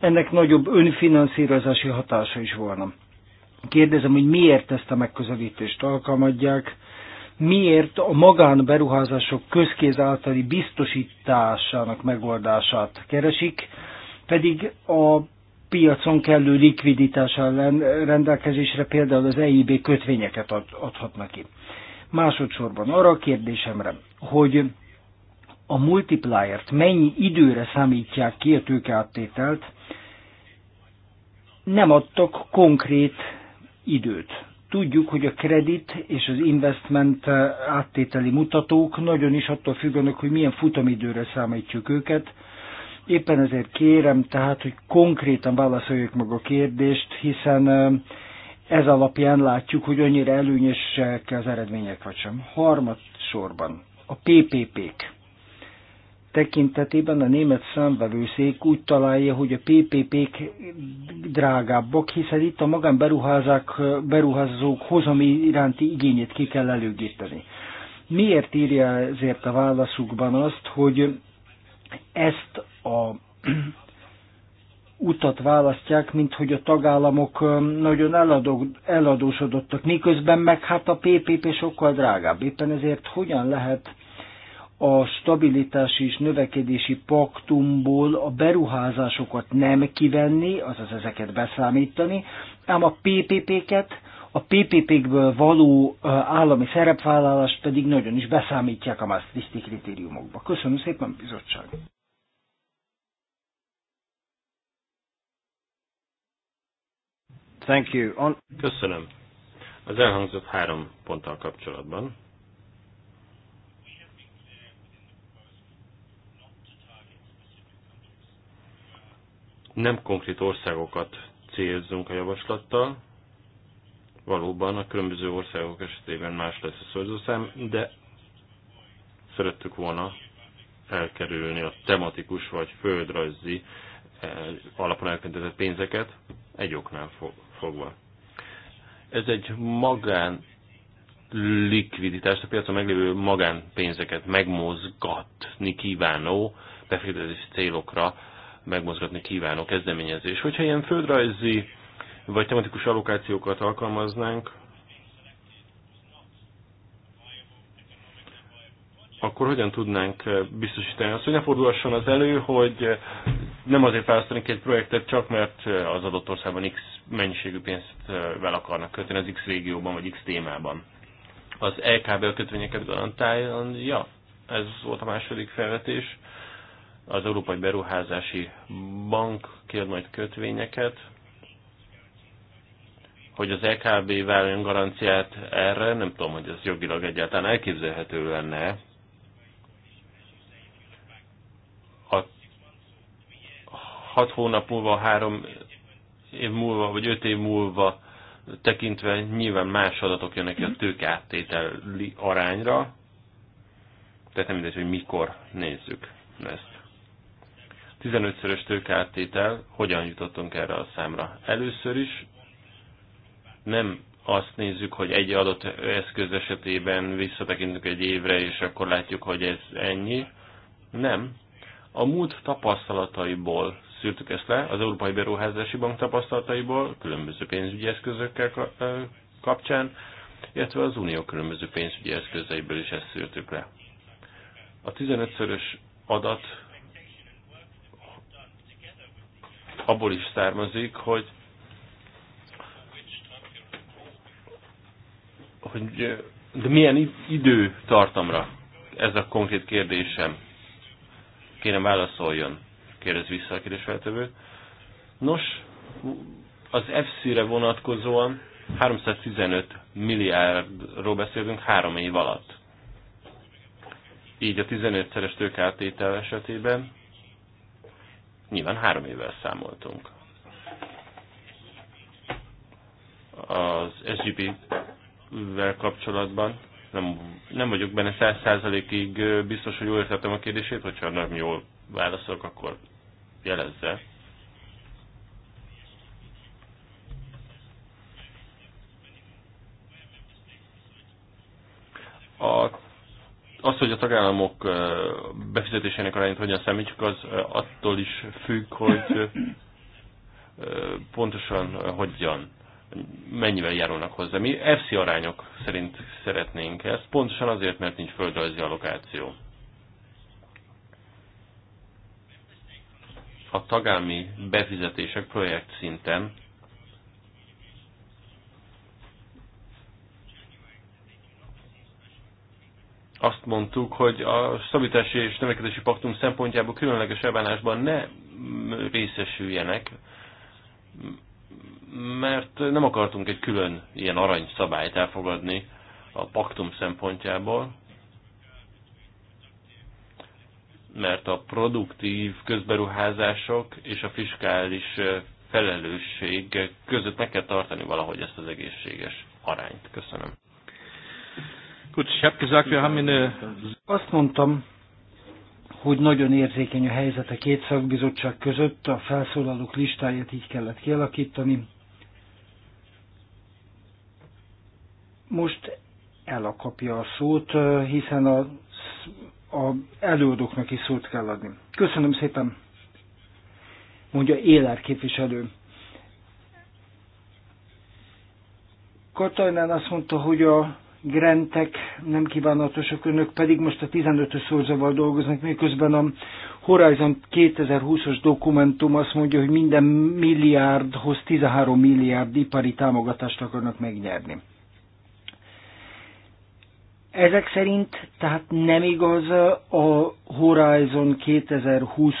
Ennek nagyobb önfinanszírozási hatása is volna. Kérdezem, hogy miért ezt a megközelítést alkalmadják, miért a magánberuházások közkéz általi biztosításának megoldását keresik, pedig a piacon kellő likviditás ellen rendelkezésre például az EIB kötvényeket ad, adhatnak ki. Másodszorban arra a kérdésemre, hogy a multipliert mennyi időre számítják ki a tőkeáttételt, nem adtak konkrét időt. Tudjuk, hogy a kredit és az investment eh, áttételi mutatók nagyon is attól függenek, hogy milyen futamidőre számítjuk őket. Éppen ezért kérem tehát, hogy konkrétan válaszoljuk meg a kérdést, hiszen eh, ez alapján látjuk, hogy annyira előnyösek az eredmények vagy sem. Harmad sorban a PPP-k tekintetében a német számvevőszék úgy találja, hogy a PPP-k drágábbak, hiszen itt a magánberuházák, beruházók hozami iránti igényét ki kell előgíteni. Miért írja ezért a válaszukban azt, hogy ezt a utat választják, mint hogy a tagállamok um, nagyon eladó, eladósodottak, miközben meg hát a PPP sokkal drágább. Éppen ezért hogyan lehet a stabilitási és növekedési paktumból a beruházásokat nem kivenni, azaz ezeket beszámítani, ám a PPP-ket, a PPP-kből való állami szerepvállalást pedig nagyon is beszámítják a Maastrichti kritériumokba. Köszönöm szépen, bizottság! Thank you. On... Köszönöm. Az elhangzott három ponttal kapcsolatban Nem konkrét országokat célzunk a javaslattal, valóban a különböző országok esetében más lesz a szorzószám, de szerettük volna elkerülni a tematikus vagy földrajzi eh, alapon elkentetett pénzeket egy oknál fogva. Ez egy magán likviditást, a piacon meglévő magánpénzeket megmozgatni kívánó befektetési célokra megmozgatni kívánó kezdeményezés. Hogyha ilyen földrajzi vagy tematikus allokációkat alkalmaznánk, akkor hogyan tudnánk biztosítani azt, hogy ne fordulhasson az elő, hogy nem azért választanak egy projektet csak, mert az adott országban X mennyiségű pénzt eh, vel akarnak kötni az X régióban vagy X témában. Az LKB kötvényeket garantálja, ez volt a második felvetés az Európai Beruházási Bank kér majd kötvényeket, hogy az EKB váljon garanciát erre, nem tudom, hogy ez jogilag egyáltalán elképzelhető lenne. A hat hónap múlva, három év múlva, vagy öt év múlva tekintve nyilván más adatok jönnek ki a áttételi arányra, tehát nem mindegy, hogy mikor nézzük ezt. 15-szörös tőkártétel, hogyan jutottunk erre a számra? Először is nem azt nézzük, hogy egy adott eszköz esetében visszatekintünk egy évre, és akkor látjuk, hogy ez ennyi. Nem. A múlt tapasztalataiból szűrtük ezt le, az Európai Beruházási Bank tapasztalataiból, különböző pénzügyi eszközökkel kapcsán, illetve az Unió különböző pénzügyi eszközeiből is ezt szűrtük le. A 15-szörös adat abból is származik, hogy hogy de milyen idő tartamra Ez a konkrét kérdésem. Kérem válaszoljon. Kérdez vissza a kérdésfeltövő. Nos, az FC-re vonatkozóan 315 milliárdról beszélünk három év alatt. Így a 15-szeres tőkátétel esetében Nyilván három évvel számoltunk. Az SGP-vel kapcsolatban nem, nem vagyok benne száz százalékig biztos, hogy jól értettem a kérdését, hogyha nem jól válaszolok, akkor jelezze. A az, hogy a tagállamok befizetésének arányát hogyan számítjuk, az attól is függ, hogy pontosan hogyan, mennyivel járulnak hozzá. Mi FC arányok szerint szeretnénk ezt, pontosan azért, mert nincs földrajzi allokáció. A tagállami befizetések projekt szinten azt mondtuk, hogy a szabítási és növekedési paktum szempontjából különleges elvállásban ne részesüljenek, mert nem akartunk egy külön ilyen szabályt elfogadni a paktum szempontjából, mert a produktív közberuházások és a fiskális felelősség között meg kell tartani valahogy ezt az egészséges arányt. Köszönöm. Gut, ich habe gesagt, wir haben eine... Azt mondtam, hogy nagyon érzékeny a helyzet a két szakbizottság között, a felszólalók listáját így kellett kialakítani. Most elakapja a szót, hiszen a, a előadóknak is szót kell adni. Köszönöm szépen, mondja Éler képviselő. Katajnán azt mondta, hogy a grentek nem kívánatosak, önök pedig most a 15-ös szorzaval dolgoznak, miközben a Horizon 2020-as dokumentum azt mondja, hogy minden milliárdhoz 13 milliárd ipari támogatást akarnak megnyerni. Ezek szerint tehát nem igaz a Horizon 2020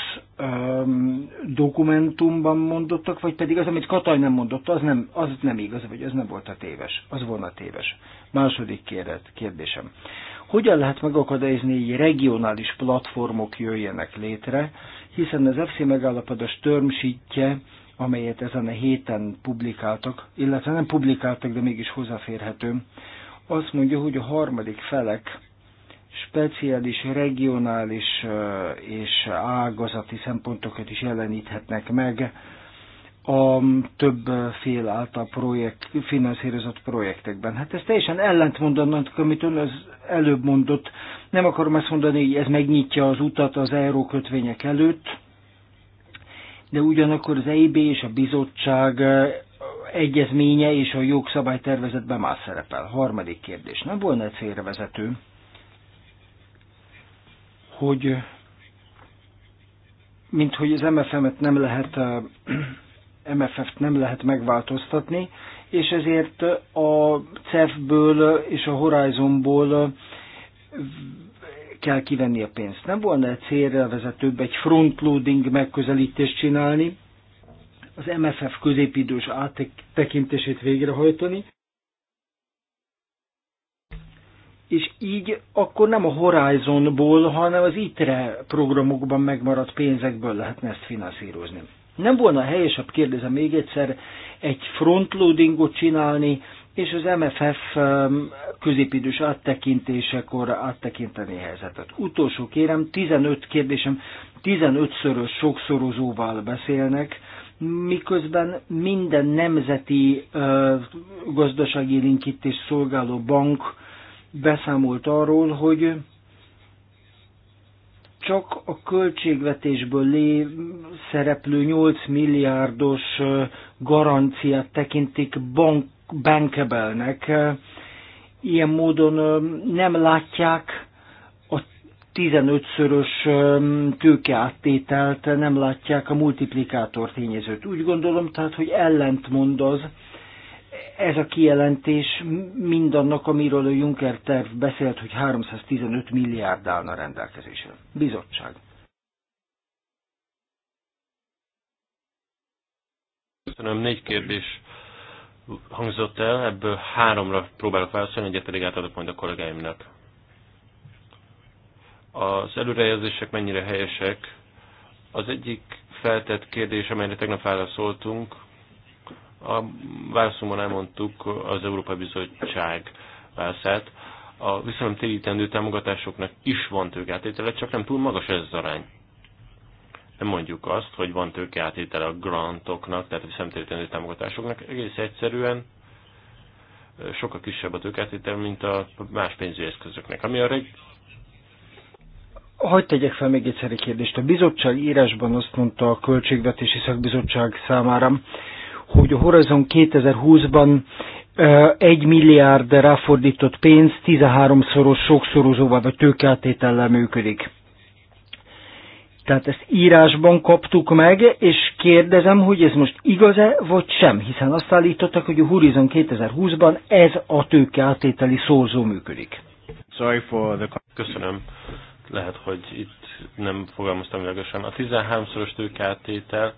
dokumentumban mondottak, vagy pedig az, amit Kataj nem mondott, az nem, az nem igaz, vagy az nem volt a téves. Az volna téves. Második kérdet, kérdésem. Hogyan lehet megakadályozni, hogy regionális platformok jöjjenek létre, hiszen az FC megállapodás törmsítje, amelyet ezen a héten publikáltak, illetve nem publikáltak, de mégis hozzáférhető, azt mondja, hogy a harmadik felek speciális, regionális és ágazati szempontokat is jeleníthetnek meg a több fél által projekt, finanszírozott projektekben. Hát ez teljesen ellentmondanak, amit ön az előbb mondott. Nem akarom ezt mondani, hogy ez megnyitja az utat az eurókötvények előtt, de ugyanakkor az EIB és a bizottság egyezménye és a jogszabálytervezetben más szerepel. Harmadik kérdés. Nem volna célra vezető, hogy mint hogy az MFF-et nem lehet MFF-t nem lehet megváltoztatni, és ezért a CEF-ből és a Horizonból kell kivenni a pénzt. Nem volna célra vezetőbb egy frontloading megközelítést csinálni, az MFF középidős áttekintését végrehajtani, és így akkor nem a Horizonból, hanem az ITRE programokban megmaradt pénzekből lehetne ezt finanszírozni. Nem volna helyesebb, kérdezem még egyszer, egy frontloadingot csinálni, és az MFF um, középidős áttekintésekor áttekinteni helyzetet. Utolsó kérem, 15 kérdésem, 15-szörös sokszorozóval beszélnek, miközben minden nemzeti uh, gazdasági linkítés szolgáló bank beszámolt arról, hogy csak a költségvetésből lé szereplő 8 milliárdos garanciát tekintik bankebelnek. Ilyen módon nem látják a 15-szörös tőkeáttételt, nem látják a multiplikátor tényezőt. Úgy gondolom tehát, hogy ellentmond az, ez a kijelentés mindannak, amiről a Juncker terv beszélt, hogy 315 milliárd állna rendelkezésre. Bizottság. Köszönöm, négy kérdés hangzott el, ebből háromra próbálok válaszolni, egyet pedig átadok majd a kollégáimnak. Az előrejelzések mennyire helyesek? Az egyik feltett kérdés, amelyre tegnap válaszoltunk, a válaszomban elmondtuk az Európai Bizottság válaszát. A térítendő támogatásoknak is van tőkeátétele, csak nem túl magas ez az arány. Nem mondjuk azt, hogy van tőkeátétele a grantoknak, tehát a viszonytérítendő támogatásoknak. Egész egyszerűen sokkal kisebb a tőkeátétele, mint a más pénzügyi eszközöknek. Ami a reg... Hogy tegyek fel még egyszer egy kérdést? A bizottság írásban azt mondta a Költségvetési Szakbizottság számára, hogy a Horizon 2020-ban egy milliárd ráfordított pénz 13-szoros sokszorozóval vagy tőkeltétellel működik. Tehát ezt írásban kaptuk meg, és kérdezem, hogy ez most igaz-e, vagy sem, hiszen azt állítottak, hogy a Horizon 2020-ban ez a tőkeáttételi szorzó működik. Sorry for the... Köszönöm. Lehet, hogy itt nem fogalmaztam világosan. A 13-szoros tőkeáttétel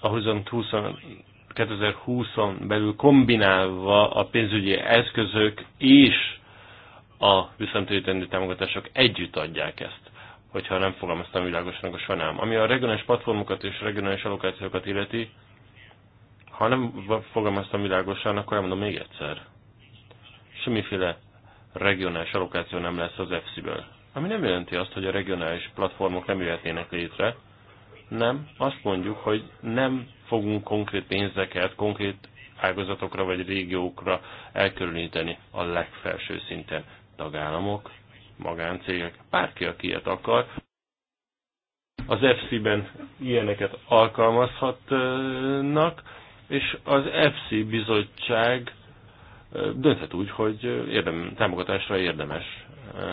a 2020-on belül kombinálva a pénzügyi eszközök és a visszatérítendő támogatások együtt adják ezt hogyha nem fogalmaztam világosan, akkor nem, Ami a regionális platformokat és regionális allokációkat illeti, ha nem fogalmaztam világosan, akkor elmondom még egyszer. Semmiféle regionális allokáció nem lesz az EFSI-ből. Ami nem jelenti azt, hogy a regionális platformok nem jöhetnének létre, nem, azt mondjuk, hogy nem fogunk konkrét pénzeket, konkrét ágazatokra vagy régiókra elkülöníteni a legfelső szinten. Tagállamok, magáncégek, bárki, aki ilyet akar. Az FC-ben ilyeneket alkalmazhatnak, és az FC bizottság dönthet úgy, hogy érdem, támogatásra érdemes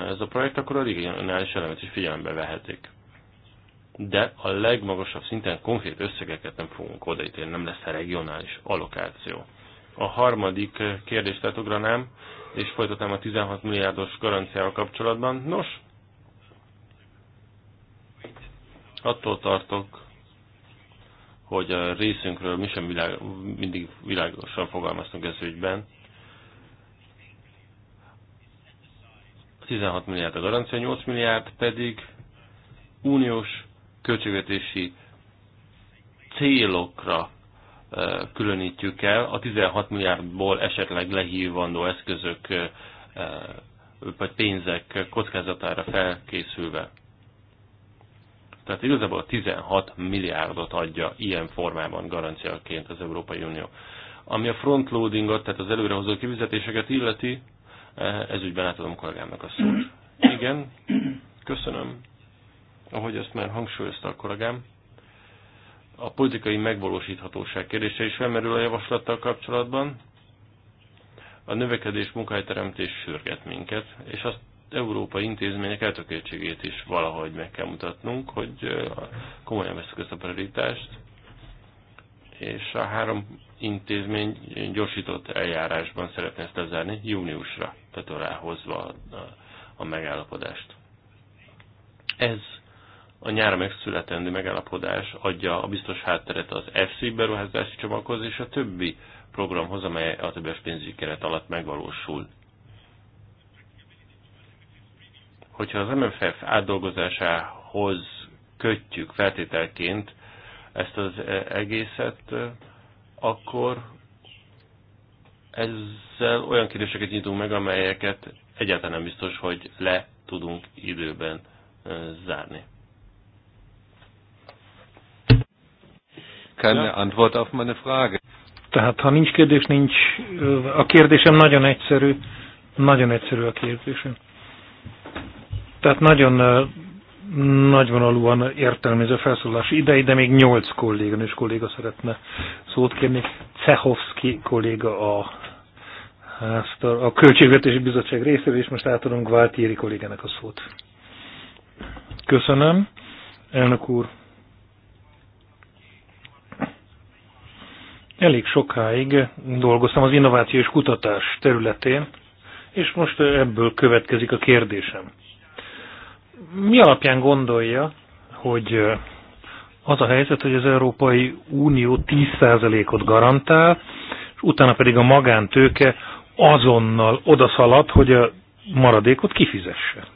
ez a projekt, akkor a regionális elemet is figyelembe vehetik de a legmagasabb szinten konkrét összegeket nem fogunk odaítélni, nem lesz a regionális allokáció. A harmadik kérdést átugranám, és folytatnám a 16 milliárdos garanciával kapcsolatban. Nos, attól tartok, hogy a részünkről mi sem világ, mindig világosan fogalmaztunk ez ügyben. 16 milliárd a garancia, 8 milliárd pedig uniós költségvetési célokra különítjük el, a 16 milliárdból esetleg lehívandó eszközök vagy pénzek kockázatára felkészülve. Tehát igazából a 16 milliárdot adja ilyen formában garanciaként az Európai Unió. Ami a frontloadingot, tehát az előrehozó kivizetéseket illeti, ez ügyben átadom kollégámnak a szót. Igen, köszönöm ahogy azt már hangsúlyozta a kollégám, a politikai megvalósíthatóság kérdése is felmerül a javaslattal kapcsolatban. A növekedés munkahelyteremtés sürget minket, és azt európai intézmények eltökéltségét is valahogy meg kell mutatnunk, hogy komolyan veszük ezt a prioritást, és a három intézmény gyorsított eljárásban szeretne ezt lezárni júniusra, tehát aláhozva a megállapodást. Ez a nyár megszületendő megállapodás adja a biztos hátteret az FC beruházási csomaghoz és a többi programhoz, amely a többes pénzügyi keret alatt megvalósul. Hogyha az MFF átdolgozásához kötjük feltételként ezt az egészet, akkor ezzel olyan kérdéseket nyitunk meg, amelyeket egyáltalán nem biztos, hogy le tudunk időben zárni. keine ja. Antwort auf meine Frage. Tehát ha nincs kérdés, nincs... A kérdésem nagyon egyszerű. Nagyon egyszerű a kérdésem. Tehát nagyon nagyvonalúan értelmező felszólás idei, de még nyolc kolléga és kolléga szeretne szót kérni. Cehovszki kolléga a, a Költségvetési Bizottság részéről, és most átadom Gváltieri kollégának a szót. Köszönöm, elnök úr. elég sokáig dolgoztam az innováció és kutatás területén, és most ebből következik a kérdésem. Mi alapján gondolja, hogy az a helyzet, hogy az Európai Unió 10%-ot garantál, és utána pedig a magántőke azonnal odaszalad, hogy a maradékot kifizesse.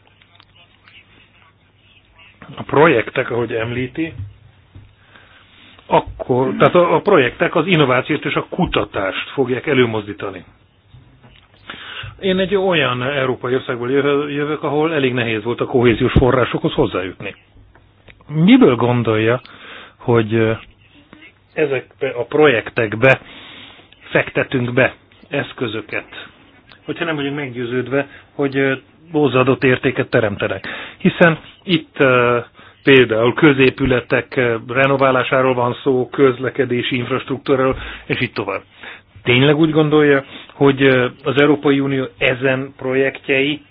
A projektek, ahogy említi, akkor, tehát a, a projektek az innovációt és a kutatást fogják előmozdítani. Én egy olyan európai országból jövök, ahol elég nehéz volt a kohéziós forrásokhoz hozzájutni. Miből gondolja, hogy ezekbe a projektekbe fektetünk be eszközöket, hogyha nem vagyunk meggyőződve, hogy hozzáadott értéket teremtenek. Hiszen itt például középületek renoválásáról van szó, közlekedési infrastruktúráról, és így tovább. Tényleg úgy gondolja, hogy az Európai Unió ezen projektjei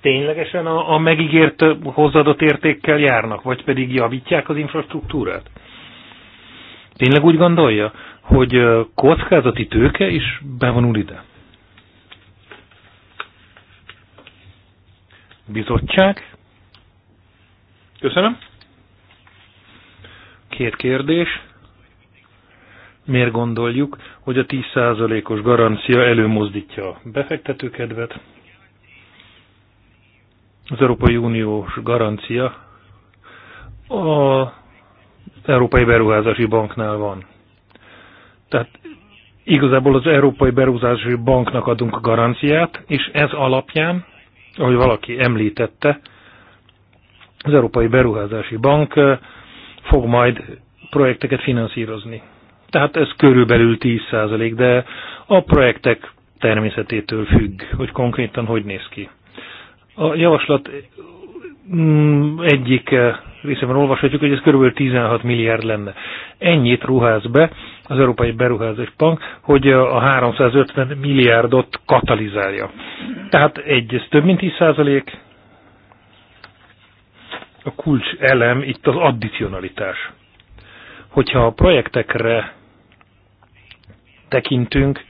ténylegesen a, a megígért hozzáadott értékkel járnak, vagy pedig javítják az infrastruktúrát? Tényleg úgy gondolja, hogy kockázati tőke is bevonul ide? Bizottság? Köszönöm. Két kérdés. Miért gondoljuk, hogy a 10%-os garancia előmozdítja a befektetőkedvet? Az Európai Uniós garancia az Európai Beruházási Banknál van. Tehát igazából az Európai Beruházási Banknak adunk garanciát, és ez alapján, ahogy valaki említette, az Európai Beruházási Bank eh, fog majd projekteket finanszírozni. Tehát ez körülbelül 10%, de a projektek természetétől függ, hogy konkrétan hogy néz ki. A javaslat mm, egyik eh, részében olvashatjuk, hogy ez kb. 16 milliárd lenne. Ennyit ruház be az Európai Beruházás Bank, hogy eh, a 350 milliárdot katalizálja. Tehát egy, ez több mint 10 százalék, a kulcs elem itt az addicionalitás. Hogyha a projektekre tekintünk,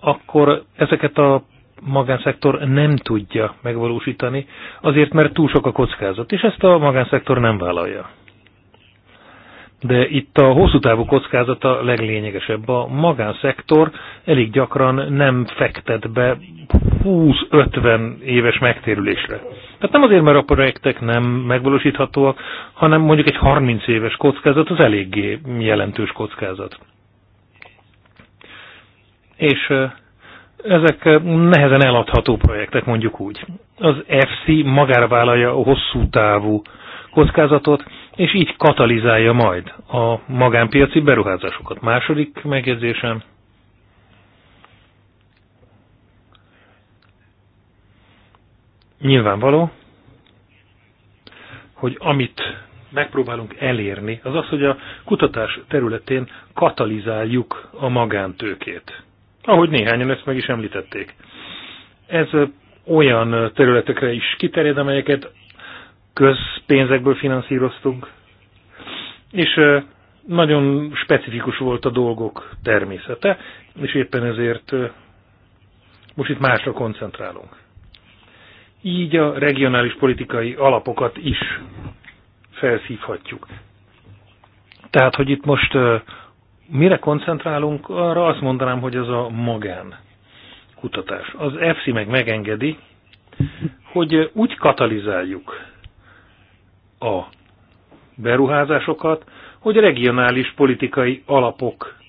akkor ezeket a magánszektor nem tudja megvalósítani, azért mert túl sok a kockázat, és ezt a magánszektor nem vállalja. De itt a hosszú távú kockázata leglényegesebb. A magánszektor elég gyakran nem fektet be 20-50 éves megtérülésre. Tehát nem azért, mert a projektek nem megvalósíthatóak, hanem mondjuk egy 30 éves kockázat az eléggé jelentős kockázat. És ezek nehezen eladható projektek, mondjuk úgy. Az FC magára vállalja a hosszú távú kockázatot, és így katalizálja majd a magánpiaci beruházásokat. Második megjegyzésem, Nyilvánvaló, hogy amit megpróbálunk elérni, az az, hogy a kutatás területén katalizáljuk a magántőkét. Ahogy néhányan ezt meg is említették. Ez olyan területekre is kiterjed, amelyeket közpénzekből finanszíroztunk, és nagyon specifikus volt a dolgok természete, és éppen ezért most itt másra koncentrálunk így a regionális politikai alapokat is felszívhatjuk. Tehát, hogy itt most mire koncentrálunk, arra azt mondanám, hogy ez a magán kutatás. Az EFSI meg megengedi, hogy úgy katalizáljuk a beruházásokat, hogy regionális politikai alapok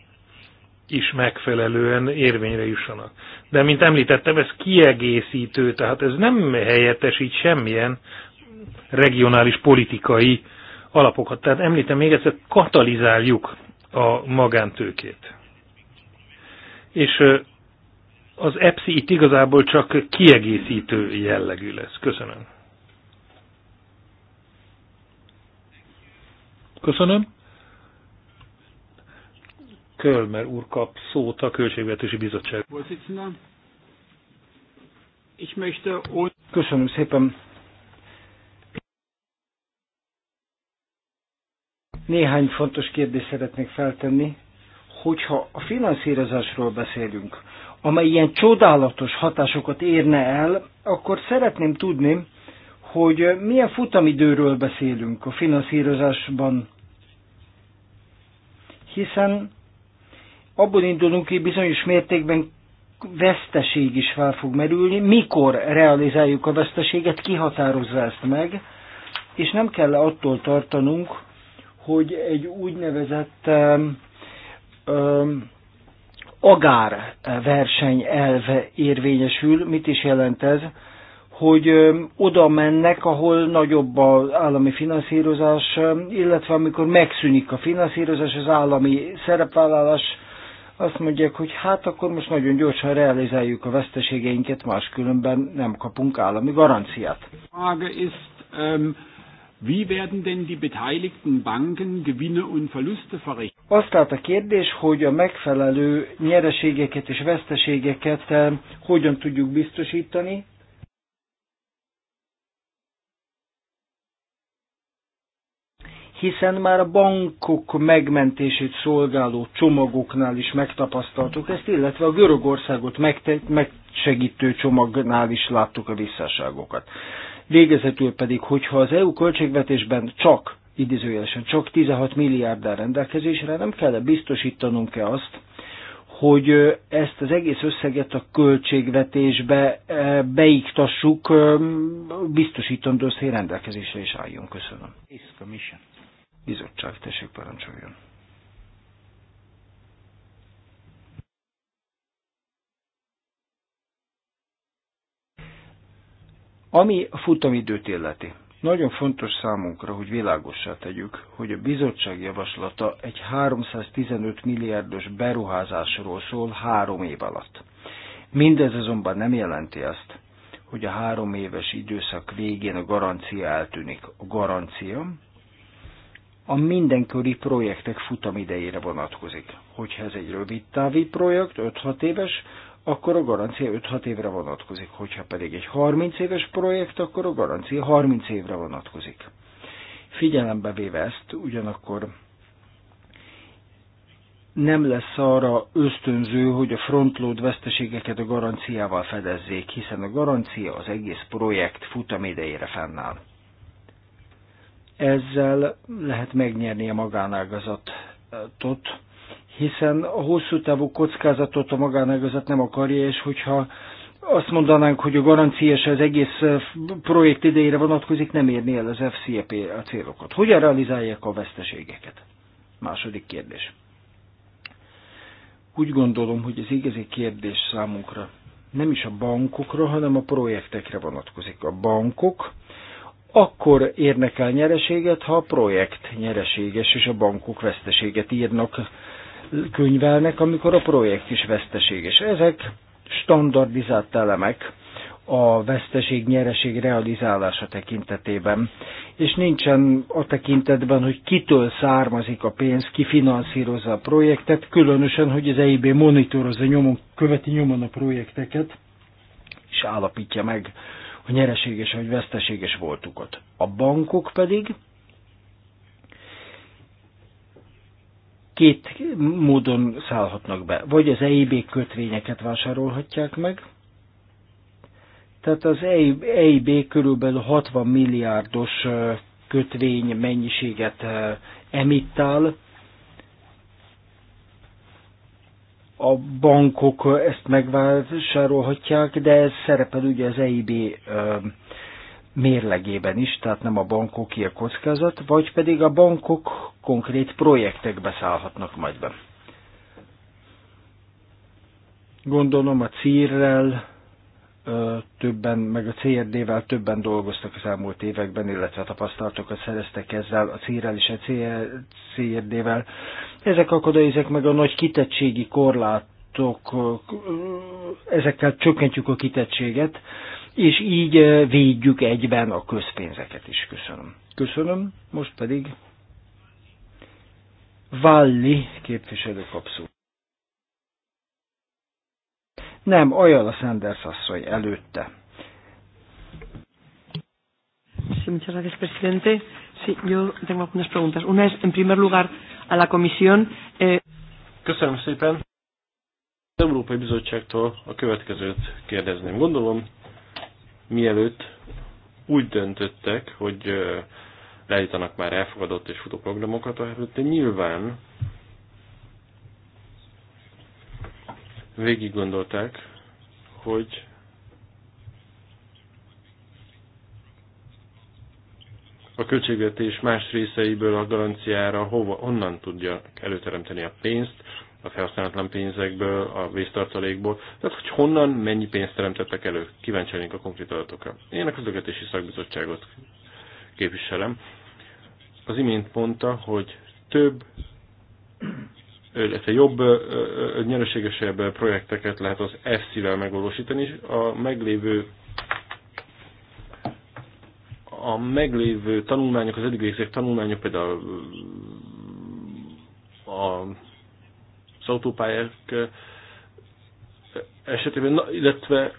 is megfelelően érvényre jussanak. De, mint említettem, ez kiegészítő, tehát ez nem helyettesít semmilyen regionális politikai alapokat. Tehát említem még egyszer, katalizáljuk a magántőkét. És az EPSI itt igazából csak kiegészítő jellegű lesz. Köszönöm. Köszönöm. Kölmer úr kap szót a Költségvetési Bizottság. Köszönöm szépen. Néhány fontos kérdést szeretnék feltenni. Hogyha a finanszírozásról beszélünk, amely ilyen csodálatos hatásokat érne el, akkor szeretném tudni, hogy milyen futamidőről beszélünk a finanszírozásban. Hiszen abból indulunk ki, bizonyos mértékben veszteség is fel fog merülni, mikor realizáljuk a veszteséget, kihatározza ezt meg, és nem kell attól tartanunk, hogy egy úgynevezett um, um, agár verseny elve érvényesül. Mit is jelent ez? Hogy um, oda mennek, ahol nagyobb az állami finanszírozás, illetve amikor megszűnik a finanszírozás, az állami szerepvállalás, azt mondják, hogy hát akkor most nagyon gyorsan realizáljuk a veszteségeinket, máskülönben nem kapunk állami garanciát. Frage ist, ähm, wie werden denn die beteiligten Banken Gewinne und Verluste verrichten? Azt állt a kérdés, hogy a megfelelő nyereségeket és veszteségeket ähm, hogyan tudjuk biztosítani, hiszen már a bankok megmentését szolgáló csomagoknál is megtapasztaltuk ezt, illetve a Görögországot megsegítő csomagnál is láttuk a visszaságokat. Végezetül pedig, hogyha az EU költségvetésben csak, idézőjelesen csak 16 milliárd rendelkezésre, nem kell -e biztosítanunk-e azt, hogy ezt az egész összeget a költségvetésbe beiktassuk, biztosítandó összé rendelkezésre is álljon. Köszönöm. Bizottság, tessék parancsoljon. Ami a futamidőt illeti, nagyon fontos számunkra, hogy világossá tegyük, hogy a bizottság javaslata egy 315 milliárdos beruházásról szól három év alatt. Mindez azonban nem jelenti azt, hogy a három éves időszak végén a garancia eltűnik. A garancia a mindenkori projektek futamidejére vonatkozik. Hogyha ez egy rövid távi projekt, 5-6 éves, akkor a garancia 5-6 évre vonatkozik. Hogyha pedig egy 30 éves projekt, akkor a garancia 30 évre vonatkozik. Figyelembe véve ezt, ugyanakkor nem lesz arra ösztönző, hogy a frontload veszteségeket a garanciával fedezzék, hiszen a garancia az egész projekt futamidejére fennáll. Ezzel lehet megnyerni a magánágazatot, hiszen a hosszú távú kockázatot a magánágazat nem akarja, és hogyha azt mondanánk, hogy a garanciás az egész eh, projekt idejére vonatkozik, nem érni el az FCP a célokat. Hogyan realizálják a veszteségeket? Második kérdés. Úgy gondolom, hogy az igazi kérdés számunkra nem is a bankokra, hanem a projektekre vonatkozik. A bankok akkor érnek el nyereséget, ha a projekt nyereséges, és a bankok veszteséget írnak, könyvelnek, amikor a projekt is veszteséges. Ezek standardizált elemek a veszteség-nyereség realizálása tekintetében, és nincsen a tekintetben, hogy kitől származik a pénz, ki finanszírozza a projektet, különösen, hogy az EIB monitorozza nyomon, követi nyomon a projekteket, és állapítja meg, a nyereséges vagy veszteséges voltukat. A bankok pedig két módon szállhatnak be. Vagy az EIB kötvényeket vásárolhatják meg, tehát az EIB e körülbelül 60 milliárdos kötvény mennyiséget emittál, a bankok ezt megvásárolhatják, de ez szerepel ugye az EIB mérlegében is, tehát nem a bankoké a kockázat, vagy pedig a bankok konkrét projektekbe szállhatnak majd be. Gondolom a círrel, többen, meg a CRD-vel többen dolgoztak az elmúlt években, illetve tapasztalatokat szereztek ezzel a CIR-rel és a CRD-vel. Ezek akadályozzák meg a nagy kitettségi korlátok, ezekkel csökkentjük a kitettséget, és így védjük egyben a közpénzeket is. Köszönöm. Köszönöm, most pedig Valli képviselő kapszul. Nem, olyan a Sanders asszony előtte. Sí, muchas gracias, presidente. Sí, yo tengo algunas preguntas. Una es, en primer lugar, a la comisión. Eh... Köszönöm szépen. Az Európai Bizottságtól a következőt kérdezném. Gondolom, mielőtt úgy döntöttek, hogy eh, leállítanak már elfogadott és futó programokat, de nyilván végig gondolták, hogy a költségvetés más részeiből a garanciára hova, onnan tudja előteremteni a pénzt, a felhasználatlan pénzekből, a víztartalékból, tehát hogy honnan mennyi pénzt teremtettek elő. Kíváncsi a konkrét adatokra. Én a közlekedési szakbizottságot képviselem. Az imént mondta, hogy több illetve jobb, nyereségesebb projekteket lehet az fc vel megvalósítani. A meglévő a meglévő tanulmányok, az eddig végzett tanulmányok, például a, az autópályák esetében, illetve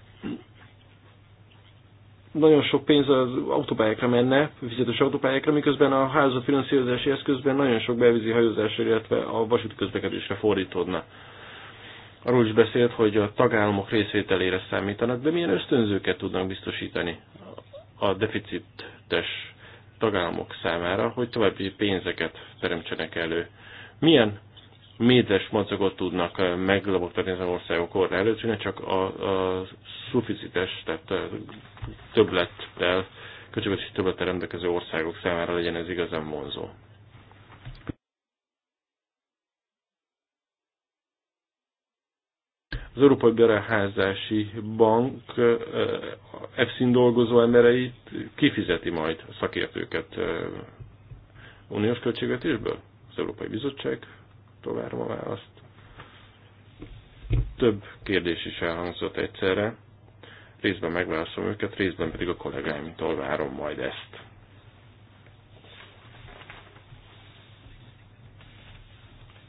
nagyon sok pénz az autópályákra menne, fizetős autópályákra, miközben a finanszírozási eszközben nagyon sok belvízi hajózásra, illetve a vasúti közlekedésre fordítódna. Arról is beszélt, hogy a tagállamok részvételére számítanak, de milyen ösztönzőket tudnak biztosítani a deficites tagállamok számára, hogy további pénzeket teremtsenek elő. Milyen mézes macogot tudnak meglobogtatni az országok orra előtt, ne csak a, a szuficites, tehát többlettel, költségvetési többlettel rendelkező országok számára legyen ez igazán vonzó. Az Európai Beruházási Bank EFSZIN dolgozó embereit kifizeti majd a szakértőket uniós költségvetésből? Az Európai Bizottság tovább választ. Több kérdés is elhangzott egyszerre. Részben megválaszolom őket, részben pedig a kollégáimtól várom majd ezt.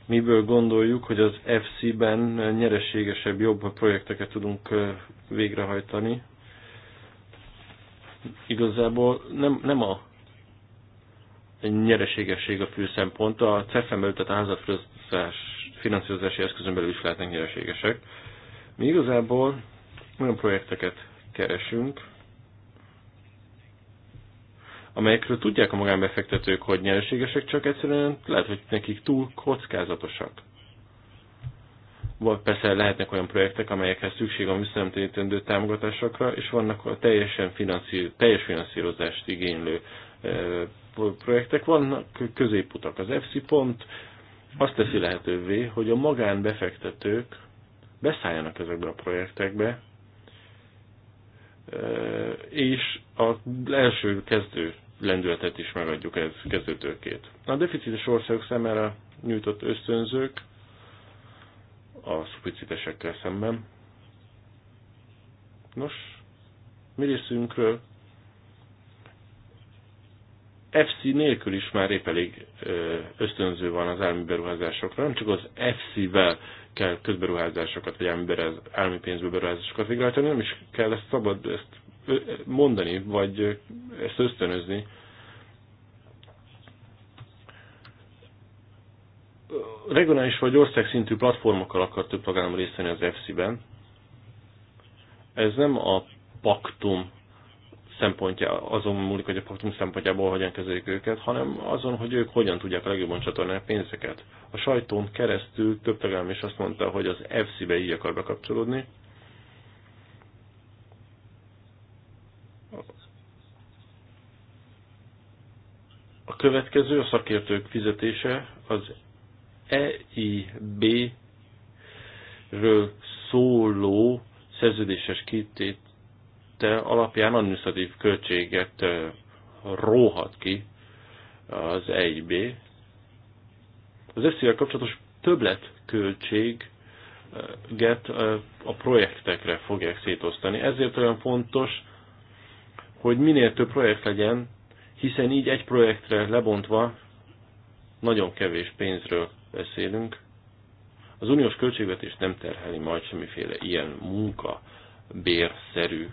miből gondoljuk, hogy az FC-ben nyereségesebb, jobb projekteket tudunk végrehajtani. Igazából nem, nem a nyereségesség a fő szempont, a CEFEM en házat tehát a finanszírozási eszközön belül is lehetnek nyereségesek. Mi igazából olyan projekteket keresünk, amelyekről tudják a magánbefektetők, hogy nyereségesek, csak egyszerűen lehet, hogy nekik túl kockázatosak. Vagy persze lehetnek olyan projektek, amelyekhez szükség van visszanemtelítendő támogatásokra, és vannak a teljesen finanszír, teljes finanszírozást igénylő eh, projektek, vannak középutak. Az EFSI pont azt teszi lehetővé, hogy a magánbefektetők beszálljanak ezekbe a projektekbe, és az első kezdő lendületet is megadjuk ez kezdőtőkét. A deficites országok szemére nyújtott ösztönzők a szuficitesekkel szemben. Nos, mi részünkről FC nélkül is már épp elég ösztönző van az állami beruházásokra. Nem csak az FC-vel kell közberuházásokat, vagy állami, berez, állami pénzből beruházásokat végrehajtani, nem is kell ezt szabad ezt mondani, vagy ezt ösztönözni. Regionális vagy országszintű platformokkal akar több tagállam részt venni az FC-ben. Ez nem a paktum szempontja azon múlik, hogy a paktum szempontjából hogyan kezelik őket, hanem azon, hogy ők hogyan tudják a legjobban csatornálni a pénzeket. A sajtón keresztül több tagállam is azt mondta, hogy az fc be így akar bekapcsolódni. A következő, a szakértők fizetése az EIB-ről szóló szerződéses kitét Eh, alapján administratív költséget eh, róhat ki az EIB. Az összével kapcsolatos többletköltséget eh, a projektekre fogják szétosztani. Ezért olyan fontos, hogy minél több projekt legyen, hiszen így egy projektre lebontva nagyon kevés pénzről beszélünk. Az uniós költségvetés nem terheli majd semmiféle ilyen munka bérszerű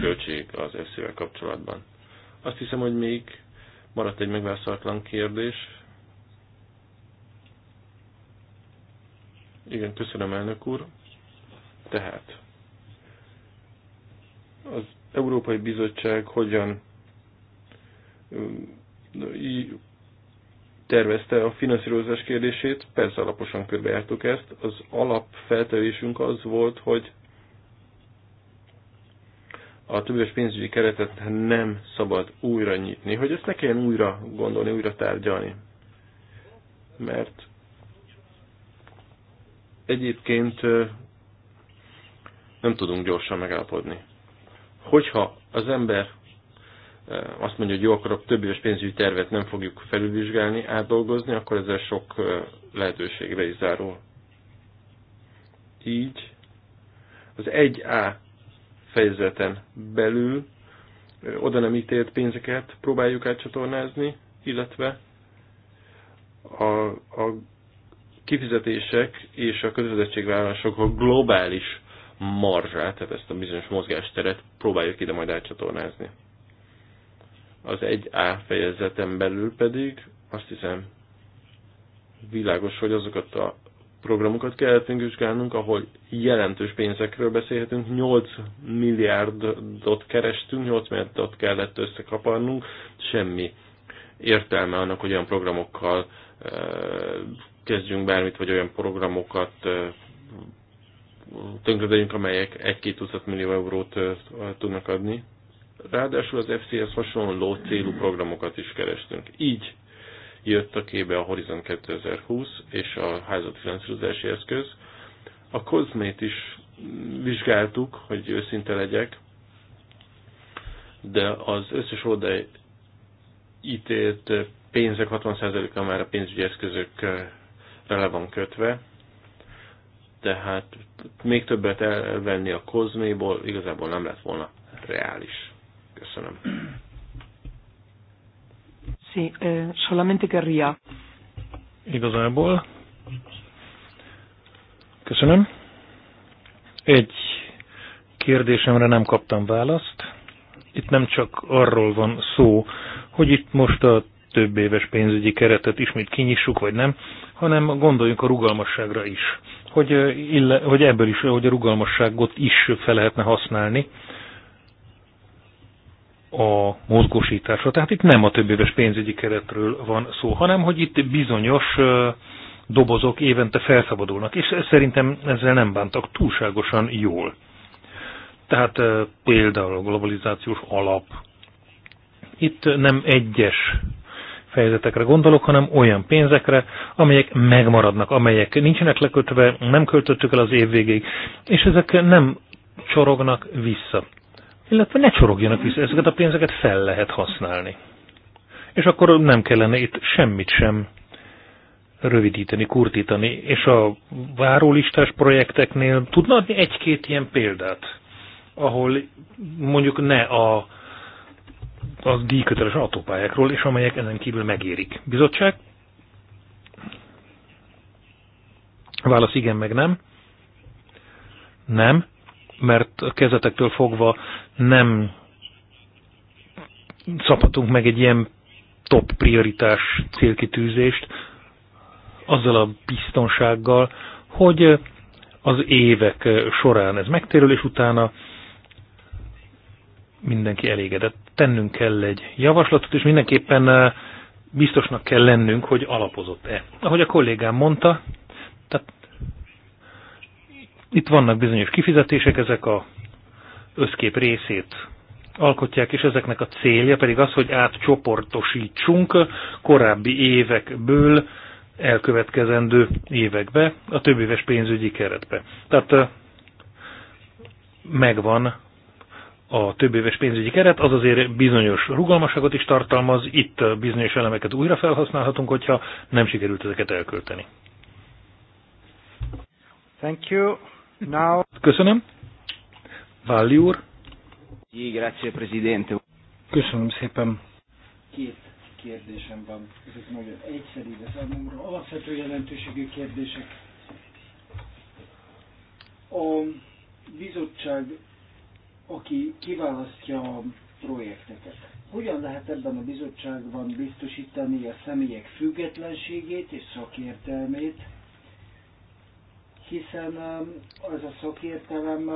költség az eszével kapcsolatban. Azt hiszem, hogy még maradt egy megválaszolatlan kérdés. Igen, köszönöm, elnök úr. Tehát, az Európai Bizottság hogyan tervezte a finanszírozás kérdését, persze alaposan körbejártuk ezt. Az alapfeltevésünk az volt, hogy a többes pénzügyi keretet nem szabad újra nyitni, hogy ezt ne kelljen újra gondolni, újra tárgyalni. Mert egyébként nem tudunk gyorsan megállapodni. Hogyha az ember azt mondja, hogy jó, akkor a több éves pénzügyi tervet nem fogjuk felülvizsgálni, átdolgozni, akkor ezzel sok lehetőségre is zárul. Így az 1A fejezeten belül oda nem ítélt pénzeket próbáljuk átcsatornázni, illetve a, a kifizetések és a kötelezettségvállalások a globális marzsát, tehát ezt a bizonyos mozgásteret próbáljuk ide majd átcsatornázni. Az 1A fejezeten belül pedig azt hiszem világos, hogy azokat a programokat kellett vizsgálnunk, ahol jelentős pénzekről beszélhetünk, 8 milliárdot kerestünk, 8 milliárdot kellett összekaparnunk, semmi értelme annak, hogy olyan programokkal kezdjünk bármit, vagy olyan programokat tönkredeljünk, amelyek 1-2 millió eurót tudnak adni. Ráadásul az FCS hasonló célú programokat is kerestünk. Így jött a kébe a Horizon 2020 és a házat finanszírozási eszköz. A Kozmét is vizsgáltuk, hogy őszinte legyek, de az összes oldal ítélt pénzek 60%-a már a pénzügyi eszközökre le van kötve, tehát még többet elvenni a kozméból igazából nem lett volna reális. Köszönöm. Sí, eh, solamente querría. Igazából. Köszönöm. Egy kérdésemre nem kaptam választ. Itt nem csak arról van szó, hogy itt most a több éves pénzügyi keretet ismét kinyissuk, vagy nem, hanem gondoljunk a rugalmasságra is. Hogy, eh, ille, hogy ebből is, hogy a rugalmasságot is fel lehetne használni, a mozgósításra. Tehát itt nem a többéves pénzügyi keretről van szó, hanem hogy itt bizonyos dobozok évente felszabadulnak, és szerintem ezzel nem bántak túlságosan jól. Tehát például a globalizációs alap. Itt nem egyes fejezetekre gondolok, hanem olyan pénzekre, amelyek megmaradnak, amelyek nincsenek lekötve, nem költöttük el az év végéig, és ezek nem csorognak vissza illetve ne csorogjanak vissza, ezeket a pénzeket fel lehet használni. És akkor nem kellene itt semmit sem rövidíteni, kurtítani, és a várólistás projekteknél tudna adni egy-két ilyen példát, ahol mondjuk ne a, a díjköteles autópályákról, és amelyek ezen kívül megérik. Bizottság? Válasz igen, meg nem. Nem mert a kezetektől fogva nem szabhatunk meg egy ilyen top prioritás célkitűzést, azzal a biztonsággal, hogy az évek során ez megtérül, és utána mindenki elégedett. Tennünk kell egy javaslatot, és mindenképpen eh, biztosnak kell lennünk, hogy alapozott-e. Ahogy a kollégám mondta, tehát itt vannak bizonyos kifizetések, ezek a összkép részét alkotják, és ezeknek a célja pedig az, hogy átcsoportosítsunk korábbi évekből elkövetkezendő évekbe, a éves pénzügyi keretbe. Tehát megvan a éves pénzügyi keret, az azért bizonyos rugalmasságot is tartalmaz, itt bizonyos elemeket újra felhasználhatunk, hogyha nem sikerült ezeket elkölteni. Thank you. Now... Köszönöm. Valli úr. Jé, grazie, presidente. Köszönöm szépen. Két kérdésem van. Ezek nagyon egyszerű, de számomra alapvető jelentőségű kérdések. A bizottság, aki kiválasztja a projekteket, hogyan lehet ebben a bizottságban biztosítani a személyek függetlenségét és szakértelmét, hiszen um, az a szakértelem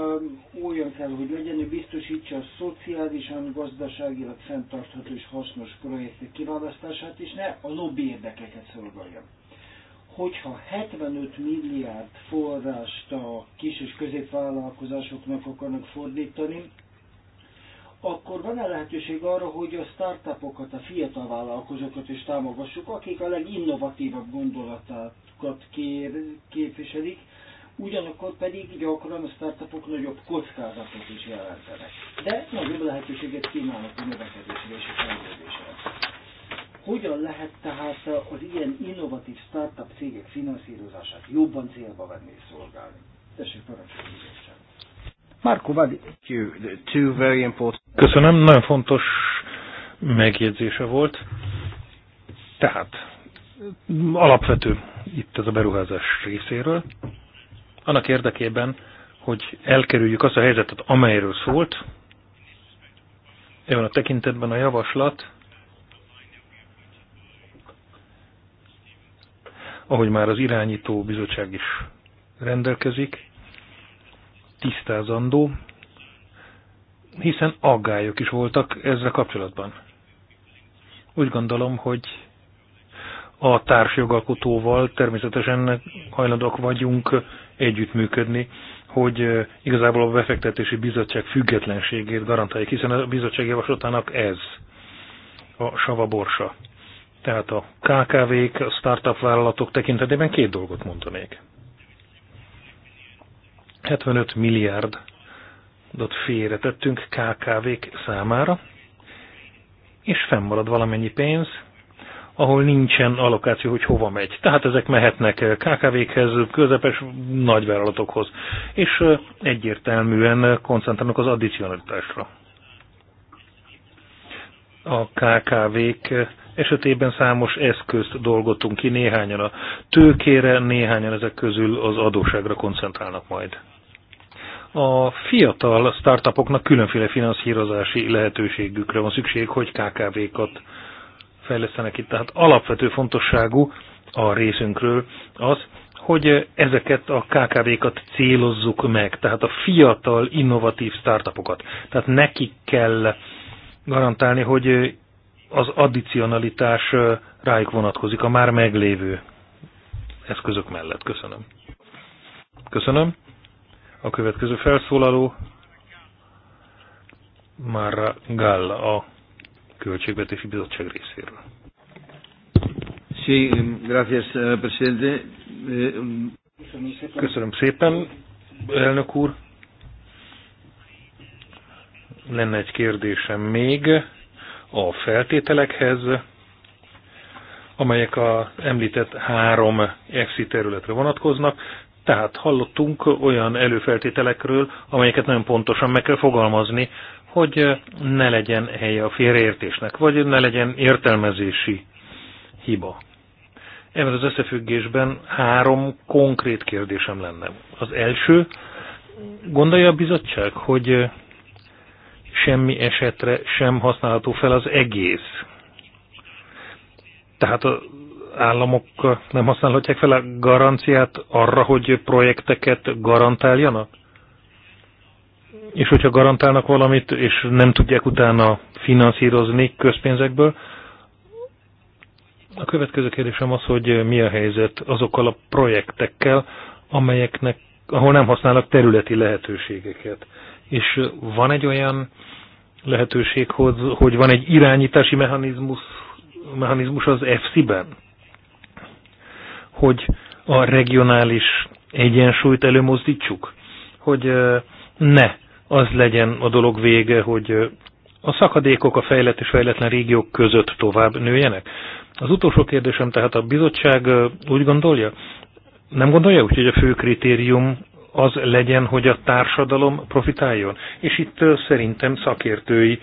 olyan um, kell, hogy legyen, hogy biztosítsa a szociálisan, gazdaságilag fenntartható és hasznos projektek kiválasztását, és ne a lobby érdekeket szolgálja. Hogyha 75 milliárd forrást a kis és középvállalkozásoknak akarnak fordítani, akkor van-e lehetőség arra, hogy a startupokat, a fiatal vállalkozókat is támogassuk, akik a leginnovatívabb gondolatokat képviselik, ugyanakkor pedig gyakran a startupok nagyobb kockázatot is jelentenek. De nagyobb lehetőséget kínálnak a növekedésre és a fejlődésre. Hogyan lehet tehát az ilyen innovatív startup cégek finanszírozását jobban célba venni és szolgálni? Tessék, parancsolni Marco Vadi. Köszönöm, nagyon fontos megjegyzése volt. Tehát alapvető itt ez a beruházás részéről annak érdekében, hogy elkerüljük azt a helyzetet, amelyről szólt. Ebben a tekintetben a javaslat, ahogy már az irányító bizottság is rendelkezik, tisztázandó, hiszen aggályok is voltak ezzel kapcsolatban. Úgy gondolom, hogy a társjogalkotóval természetesen hajlandók vagyunk együttműködni, hogy igazából a befektetési bizottság függetlenségét garantálják, hiszen a bizottság javaslatának ez a savaborsa. Tehát a KKV-k, a startup vállalatok tekintetében két dolgot mondanék. 75 milliárdot félretettünk KKV-k számára, és fennmarad valamennyi pénz, ahol nincsen allokáció, hogy hova megy. Tehát ezek mehetnek KKV-khez, közepes nagyvállalatokhoz, és egyértelműen koncentrálnak az addicionalitásra. A KKV-k esetében számos eszközt dolgoztunk ki, néhányan a tőkére, néhányan ezek közül az adóságra koncentrálnak majd. A fiatal startupoknak különféle finanszírozási lehetőségükre van szükség, hogy KKV-kat fejlesztenek itt. Tehát alapvető fontosságú a részünkről az, hogy ezeket a KKV-kat célozzuk meg, tehát a fiatal, innovatív startupokat. Tehát nekik kell garantálni, hogy az addicionalitás rájuk vonatkozik a már meglévő eszközök mellett. Köszönöm. Köszönöm. A következő felszólaló Mara Gall a Költségvetési Bizottság részéről. Sí, gracias, eh, presidente. Eh, Köszönöm szépen, elnök úr. Lenne egy kérdésem még a feltételekhez, amelyek az említett három EFSI területre vonatkoznak. Tehát hallottunk olyan előfeltételekről, amelyeket nagyon pontosan meg kell fogalmazni, hogy ne legyen helye a félreértésnek, vagy ne legyen értelmezési hiba. Ebben az összefüggésben három konkrét kérdésem lenne. Az első, gondolja a bizottság, hogy semmi esetre sem használható fel az egész. Tehát az államok nem használhatják fel a garanciát arra, hogy projekteket garantáljanak? És hogyha garantálnak valamit, és nem tudják utána finanszírozni közpénzekből, a következő kérdésem az, hogy mi a helyzet azokkal a projektekkel, amelyeknek, ahol nem használnak területi lehetőségeket. És van egy olyan lehetőség, hogy van egy irányítási mechanizmus, mechanizmus az EFSI-ben, hogy a regionális egyensúlyt előmozdítsuk, hogy eh, ne az legyen a dolog vége, hogy a szakadékok a fejlett és fejletlen régiók között tovább nőjenek? Az utolsó kérdésem tehát a bizottság úgy gondolja, nem gondolja úgy, hogy a fő kritérium az legyen, hogy a társadalom profitáljon? És itt szerintem szakértői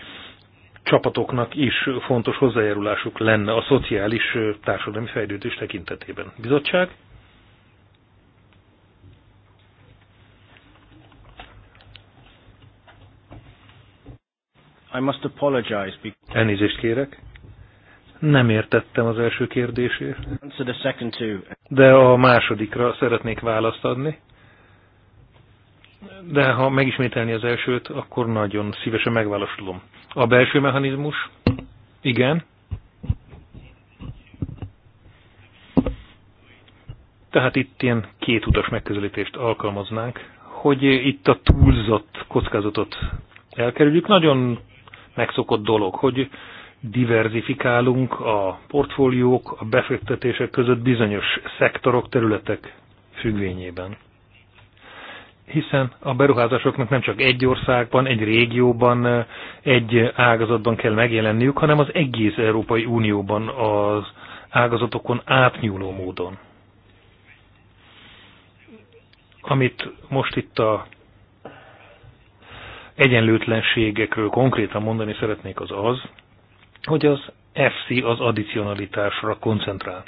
csapatoknak is fontos hozzájárulásuk lenne a szociális társadalmi fejlődés tekintetében. Bizottság? I must apologize because... Elnézést kérek. Nem értettem az első kérdését. De a másodikra szeretnék választ adni. De ha megismételni az elsőt, akkor nagyon szívesen megválaszolom. A belső mechanizmus? Igen. Tehát itt ilyen két utas megközelítést alkalmaznánk, hogy itt a túlzott kockázatot elkerüljük. Nagyon megszokott dolog, hogy diverzifikálunk a portfóliók, a befektetések között bizonyos szektorok, területek függvényében. Hiszen a beruházásoknak nem csak egy országban, egy régióban, egy ágazatban kell megjelenniük, hanem az egész Európai Unióban az ágazatokon átnyúló módon. Amit most itt a egyenlőtlenségekről konkrétan mondani szeretnék az az, hogy az FC az addicionalitásra koncentrál.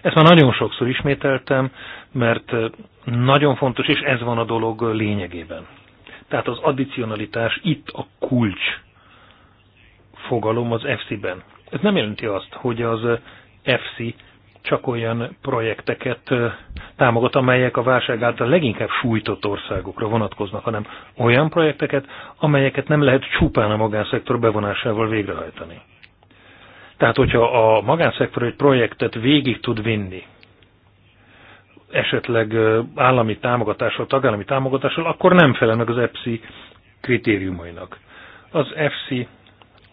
Ezt már nagyon sokszor ismételtem, mert eh, nagyon fontos, és ez van a dolog lényegében. Tehát az addicionalitás itt a kulcs fogalom az FC-ben. Ez nem jelenti azt, hogy az eh, FC csak olyan projekteket támogat, amelyek a válság által leginkább sújtott országokra vonatkoznak, hanem olyan projekteket, amelyeket nem lehet csupán a magánszektor bevonásával végrehajtani. Tehát, hogyha a magánszektor egy projektet végig tud vinni, esetleg állami támogatással, tagállami támogatással, akkor nem felel meg az EPSI kritériumainak. Az EPSI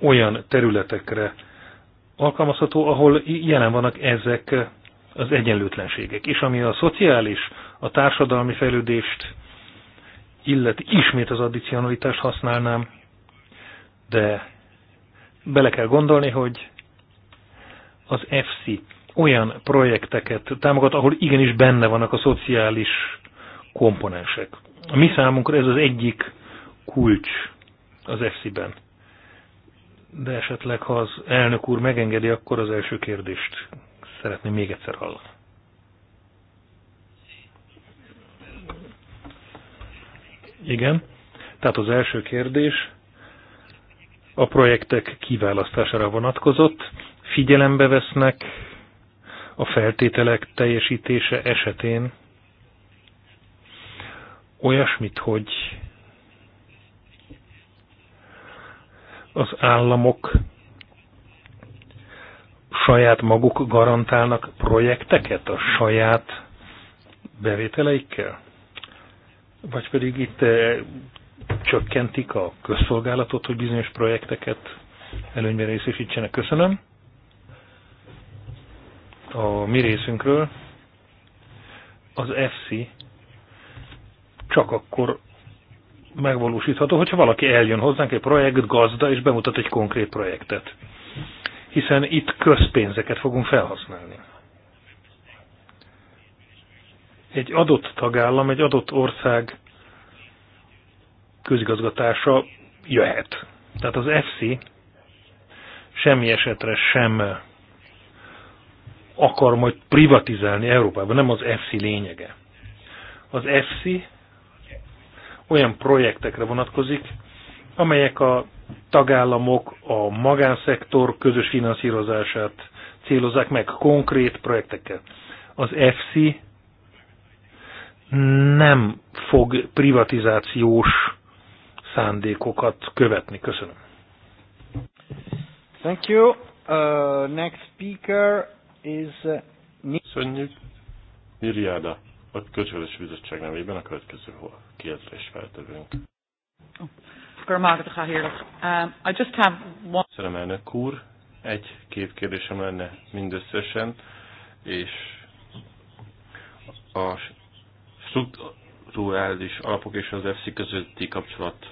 olyan területekre alkalmazható, ahol jelen vannak ezek az egyenlőtlenségek. És ami a szociális, a társadalmi fejlődést illeti, ismét az addicionalitást használnám, de bele kell gondolni, hogy az FC olyan projekteket támogat, ahol igenis benne vannak a szociális komponensek. A mi számunkra ez az egyik kulcs az FC-ben de esetleg, ha az elnök úr megengedi, akkor az első kérdést szeretném még egyszer hallani. Igen. Tehát az első kérdés a projektek kiválasztására vonatkozott. Figyelembe vesznek a feltételek teljesítése esetén olyasmit, hogy az államok saját maguk garantálnak projekteket a saját bevételeikkel? Vagy pedig itt eh, csökkentik a közszolgálatot, hogy bizonyos projekteket előnyben részesítsenek? Köszönöm. A mi részünkről az FC csak akkor megvalósítható, hogyha valaki eljön hozzánk egy projekt gazda, és bemutat egy konkrét projektet. Hiszen itt közpénzeket fogunk felhasználni. Egy adott tagállam, egy adott ország közigazgatása jöhet. Tehát az FC semmi esetre sem akar majd privatizálni Európában, nem az FC lényege. Az FC olyan projektekre vonatkozik, amelyek a tagállamok a magánszektor közös finanszírozását célozzák meg konkrét projektekkel. Az FC nem fog privatizációs szándékokat követni. Köszönöm. Thank you. Uh, next speaker is... Köszönjük. Miriada. A Kölcsönös Bizottság nevében a következő kérdést uh, one Köszönöm, elnök úr. Egy kérdésem lenne mindösszesen, és a strukturális alapok és az EFSZI közötti kapcsolatot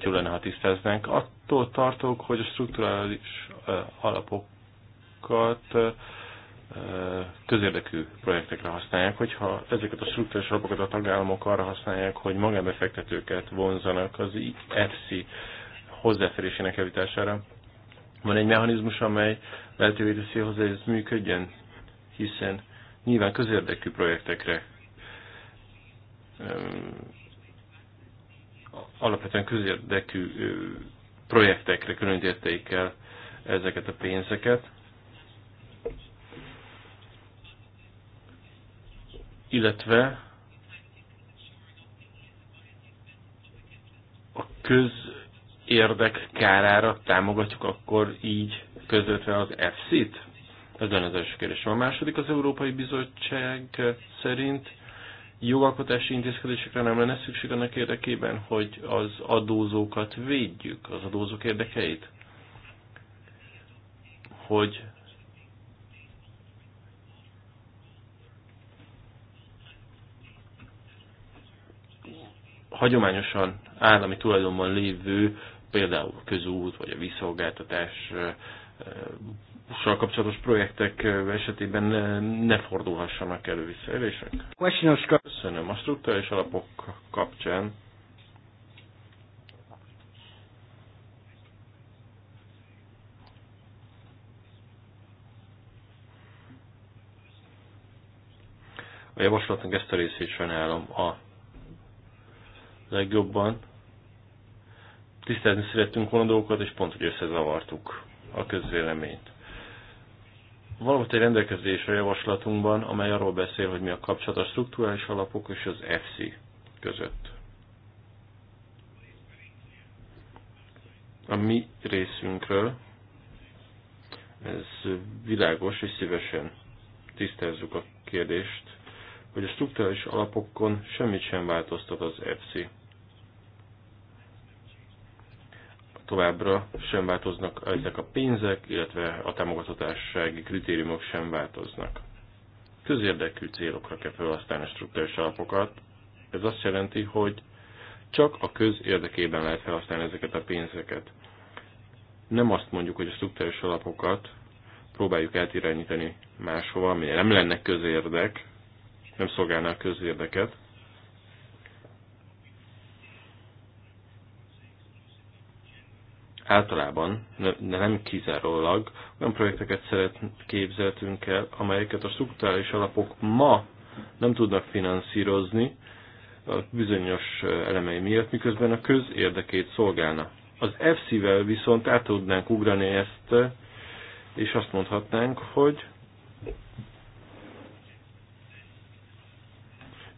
jól lenne, ha tisztáznánk. Attól tartok, hogy a strukturális uh, alapokat uh, közérdekű projektekre használják, hogyha ezeket a struktúrás alapokat a tagállamok arra használják, hogy magánbefektetőket vonzanak az EFSI hozzáférésének javítására. Van egy mechanizmus, amely lehetővé teszi hozzá, hogy ez működjön, hiszen nyilván közérdekű projektekre alapvetően közérdekű projektekre különítették el ezeket a pénzeket, illetve a közérdek kárára támogatjuk akkor így közvetve az EFSZ-t? Ez lenne az első kérdés. A második az Európai Bizottság szerint jogalkotási intézkedésekre nem lenne szükség annak érdekében, hogy az adózókat védjük, az adózók érdekeit? Hogy hagyományosan állami tulajdonban lévő, például közút vagy a vízszolgáltatás kapcsolatos projektek esetében ne fordulhassanak elő visszaélések. Köszönöm a struktúrális alapok kapcsán. A javaslatnak ezt a részét sajnálom a legjobban. Tisztázni szerettünk volna dolgokat, és pont, hogy összezavartuk a közvéleményt. Valamint egy rendelkezés a javaslatunkban, amely arról beszél, hogy mi a kapcsolat a struktúrális alapok és az FC között. A mi részünkről ez világos, és szívesen tisztázzuk a kérdést, hogy a struktúrális alapokon semmit sem változtat az EFSI. továbbra sem változnak ezek a pénzek, illetve a támogatottsági kritériumok sem változnak. Közérdekű célokra kell felhasználni a struktúrás alapokat. Ez azt jelenti, hogy csak a közérdekében lehet felhasználni ezeket a pénzeket. Nem azt mondjuk, hogy a struktúrás alapokat próbáljuk átirányítani máshova, ami nem lenne közérdek, nem szolgálná a közérdeket, általában de nem kizárólag olyan projekteket szeret, képzeltünk el, amelyeket a strukturális alapok ma nem tudnak finanszírozni a bizonyos elemei miatt, miközben a köz érdekét szolgálna. Az FC-vel viszont át tudnánk ugrani ezt, és azt mondhatnánk, hogy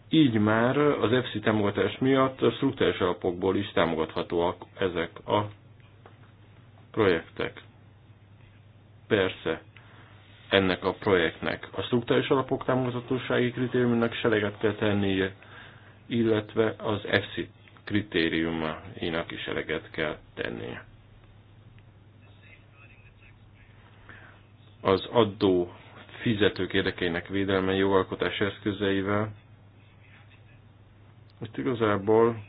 így már az EFSI támogatás miatt a struktúrás alapokból is támogathatóak ezek a projektek. Persze, ennek a projektnek a struktúrális alapok támogatósági kritériumának seleget kell tennie, illetve az EFSI kritériumainak is eleget kell tennie. Az adó fizetők érdekeinek védelme jogalkotás eszközeivel. Itt igazából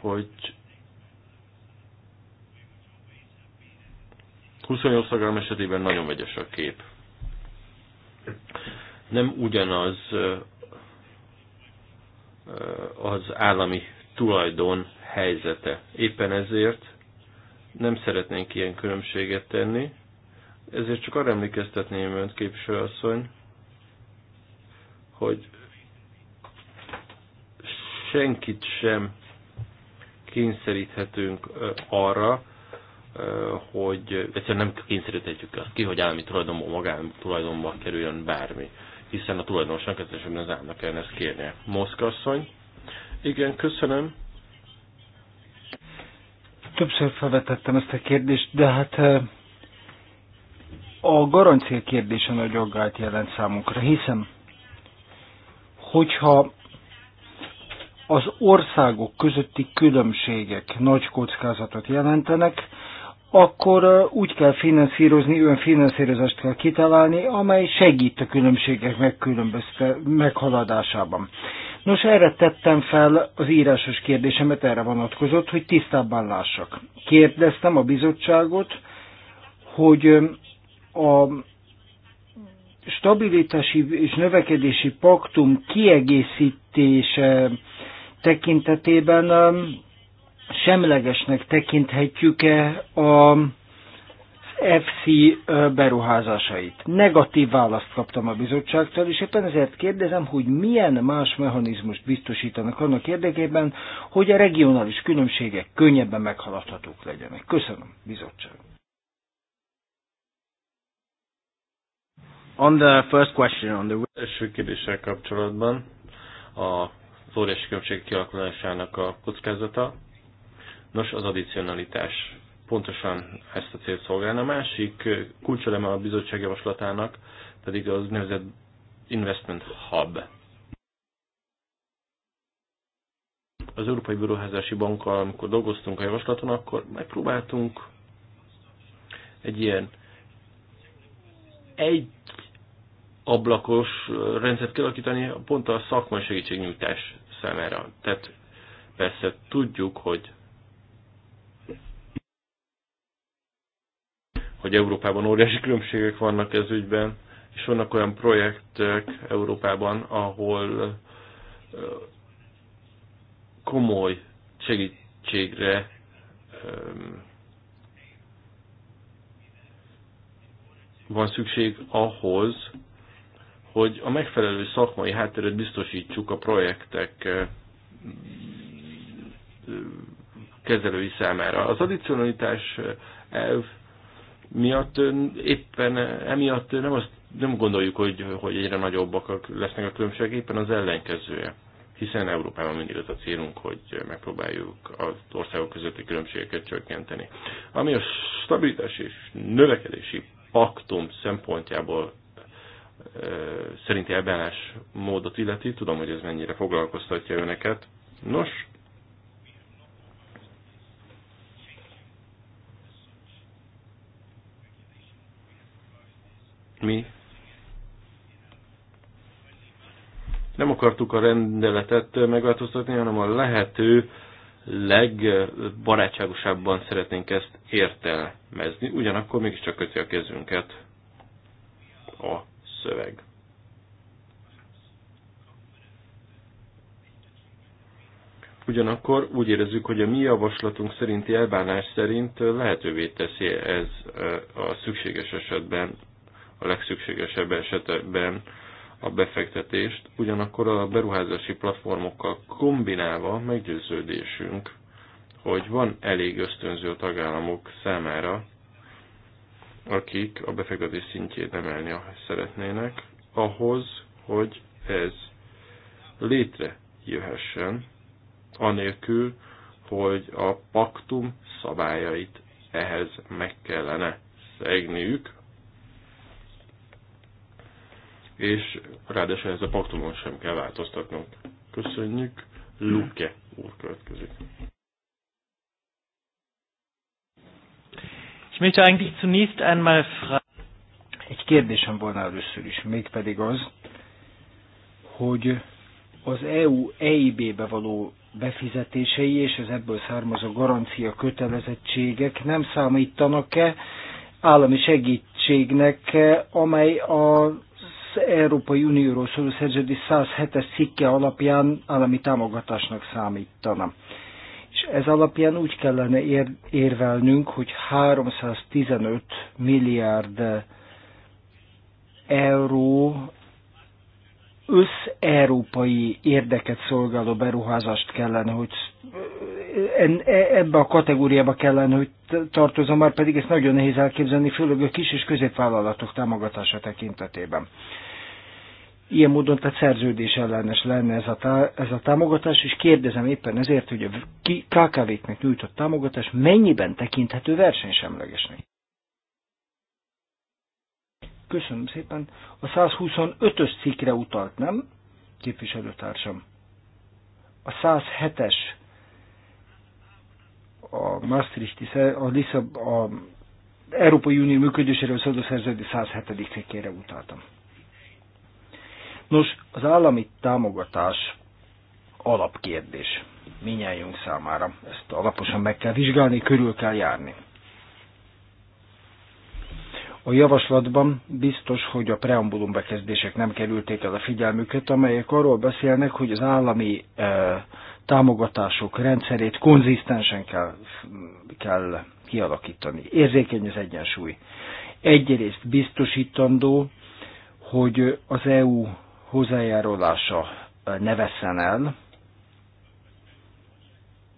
hogy 28 tagállam esetében nagyon vegyes a kép. Nem ugyanaz az állami tulajdon helyzete. Éppen ezért nem szeretnénk ilyen különbséget tenni, ezért csak arra emlékeztetném önt, képviselőasszony, hogy senkit sem kényszeríthetünk arra, hogy egyszerűen nem kényszeríthetjük azt ki, hogy állami tulajdonban, magán tulajdonban kerüljön bármi, hiszen a tulajdonosnak egyszerűen az államnak kellene ezt kérnie. Moszkasszony, igen, köszönöm. Többször felvetettem ezt a kérdést, de hát a garancia kérdése nagy aggályt jelent számunkra, hiszen hogyha az országok közötti különbségek nagy kockázatot jelentenek, akkor úgy kell finanszírozni, olyan finanszírozást kell kitalálni, amely segít a különbségek meghaladásában. Nos, erre tettem fel az írásos kérdésemet, erre vonatkozott, hogy tisztábban lássak. Kérdeztem a bizottságot, hogy a stabilitási és növekedési paktum kiegészítése tekintetében um, semlegesnek tekinthetjük-e a FC uh, beruházásait. Negatív választ kaptam a bizottságtól, és éppen ezért kérdezem, hogy milyen más mechanizmust biztosítanak annak érdekében, hogy a regionális különbségek könnyebben meghaladhatók legyenek. Köszönöm, bizottság. On the first question, on the első kérdéssel kapcsolatban, a az óriási különbség kialakulásának a kockázata. Nos, az addicionalitás pontosan ezt a célt szolgálna. A másik kulcseleme a bizottság javaslatának pedig az nevezett Investment Hub. Az Európai Beruházási Bankkal, amikor dolgoztunk a javaslaton, akkor megpróbáltunk egy ilyen egy ablakos rendszert kialakítani pont a szakmai segítségnyújtás számára. Tehát persze tudjuk, hogy hogy Európában óriási különbségek vannak ez ügyben, és vannak olyan projektek Európában, ahol komoly segítségre van szükség ahhoz, hogy a megfelelő szakmai hátteret biztosítsuk a projektek eh, eh, kezelői számára. Az addicionalitás eh, elv miatt éppen emiatt nem, azt, nem gondoljuk, hogy, hogy egyre nagyobbak lesznek a különbségek, éppen az ellenkezője. Hiszen Európában mindig az a célunk, hogy megpróbáljuk az országok közötti különbségeket csökkenteni. Ami a stabilitás és növekedési paktum szempontjából szerinti ebbenes módot illeti. Tudom, hogy ez mennyire foglalkoztatja önöket. Nos, mi nem akartuk a rendeletet megváltoztatni, hanem a lehető legbarátságosabban szeretnénk ezt értelmezni. Ugyanakkor mégiscsak köti a kezünket a szöveg. Ugyanakkor úgy érezzük, hogy a mi javaslatunk szerinti elbánás szerint lehetővé teszi ez a szükséges esetben, a legszükségesebb esetben a befektetést, ugyanakkor a beruházási platformokkal kombinálva meggyőződésünk, hogy van elég ösztönző a tagállamok számára akik a befektetés szintjét emelni szeretnének, ahhoz, hogy ez létrejöhessen, anélkül, hogy a paktum szabályait ehhez meg kellene szegniük, és ráadásul ez a paktumon sem kell változtatnunk. Köszönjük, Luke úr következik. Ich möchte eigentlich zunächst einmal fragen. Egy kérdésem volna először is, mégpedig az, hogy az EU EIB-be való befizetései és az ebből származó garancia kötelezettségek nem számítanak-e állami segítségnek, amely a az Európai Unióról szóló szerződés 107-es cikke alapján állami támogatásnak számítana. Ez alapján úgy kellene ér, érvelnünk, hogy 315 milliárd euró össz-európai érdeket szolgáló beruházást kellene, hogy e, ebbe a kategóriába kellene, hogy tartozom, már pedig ezt nagyon nehéz elképzelni, főleg a kis és középvállalatok támogatása tekintetében. Ilyen módon tehát szerződés ellenes lenne ez a, tá- ez a támogatás, és kérdezem éppen ezért, hogy a KKV-knek nyújtott támogatás mennyiben tekinthető versenysemlegesnek. Köszönöm szépen. A 125-ös cikkre utalt, nem, képviselőtársam? A 107-es a Maastrichti, a, Lisszab, a Európai Unió működéséről szóló szerződés 107. cikkére utaltam. Nos, az állami támogatás alapkérdés minnyájunk számára. Ezt alaposan meg kell vizsgálni, körül kell járni. A javaslatban biztos, hogy a preambulum bekezdések nem kerülték el a figyelmüket, amelyek arról beszélnek, hogy az állami e, támogatások rendszerét konzisztensen kell, kell kialakítani. Érzékeny az egyensúly. Egyrészt biztosítandó, hogy az EU hozzájárulása ne veszen el,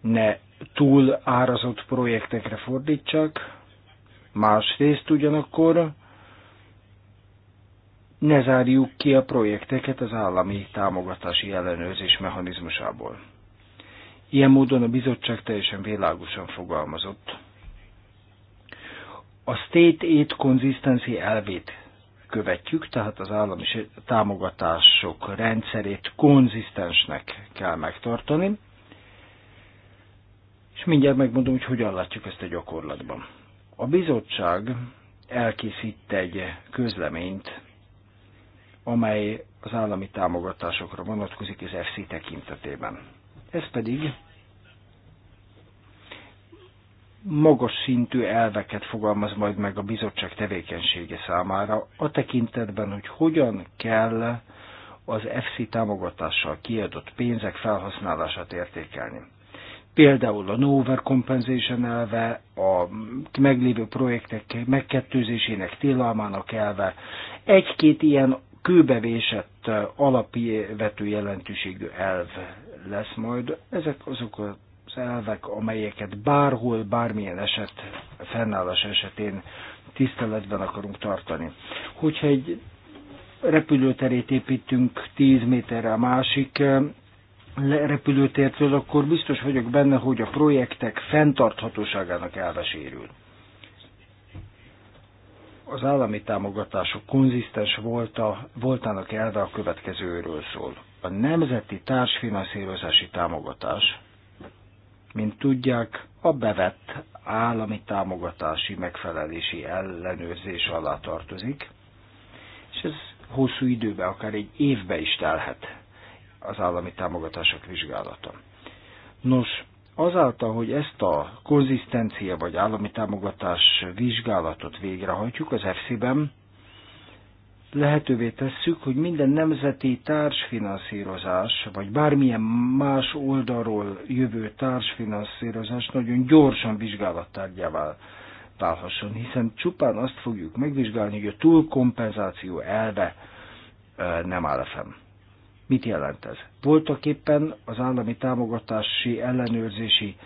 ne túl árazott projektekre fordítsak, másrészt ugyanakkor ne zárjuk ki a projekteket az állami támogatási ellenőrzés mechanizmusából. Ilyen módon a bizottság teljesen világosan fogalmazott. A state aid Consistency elvét követjük, tehát az állami támogatások rendszerét konzisztensnek kell megtartani, és mindjárt megmondom, hogy hogyan látjuk ezt a gyakorlatban. A bizottság elkészít egy közleményt, amely az állami támogatásokra vonatkozik az FC tekintetében. Ez pedig magas szintű elveket fogalmaz majd meg a bizottság tevékenysége számára, a tekintetben, hogy hogyan kell az FC támogatással kiadott pénzek felhasználását értékelni. Például a no compensation elve, a meglévő projektek megkettőzésének tilalmának elve, egy-két ilyen kőbevésett alapvető jelentőségű elv lesz majd. Ezek azok a az elvek, amelyeket bárhol, bármilyen eset, fennállás esetén tiszteletben akarunk tartani. Hogyha egy repülőterét építünk 10 méterre a másik eh, repülőtértől, akkor biztos vagyok benne, hogy a projektek fenntarthatóságának elvesérül. Az állami támogatások konzisztens volta, voltának elve a következőről szól. A nemzeti társfinanszírozási támogatás mint tudják, a bevett állami támogatási megfelelési ellenőrzés alá tartozik, és ez hosszú időbe, akár egy évbe is telhet az állami támogatások vizsgálata. Nos, azáltal, hogy ezt a konzisztencia vagy állami támogatás vizsgálatot végrehajtjuk az EFSZ-ben, lehetővé tesszük, hogy minden nemzeti társfinanszírozás, vagy bármilyen más oldalról jövő társfinanszírozás nagyon gyorsan vizsgálattárgyává válhasson, hiszen csupán azt fogjuk megvizsgálni, hogy a túlkompenzáció elve nem áll a fenn. Mit jelent ez? Voltak éppen az állami támogatási ellenőrzési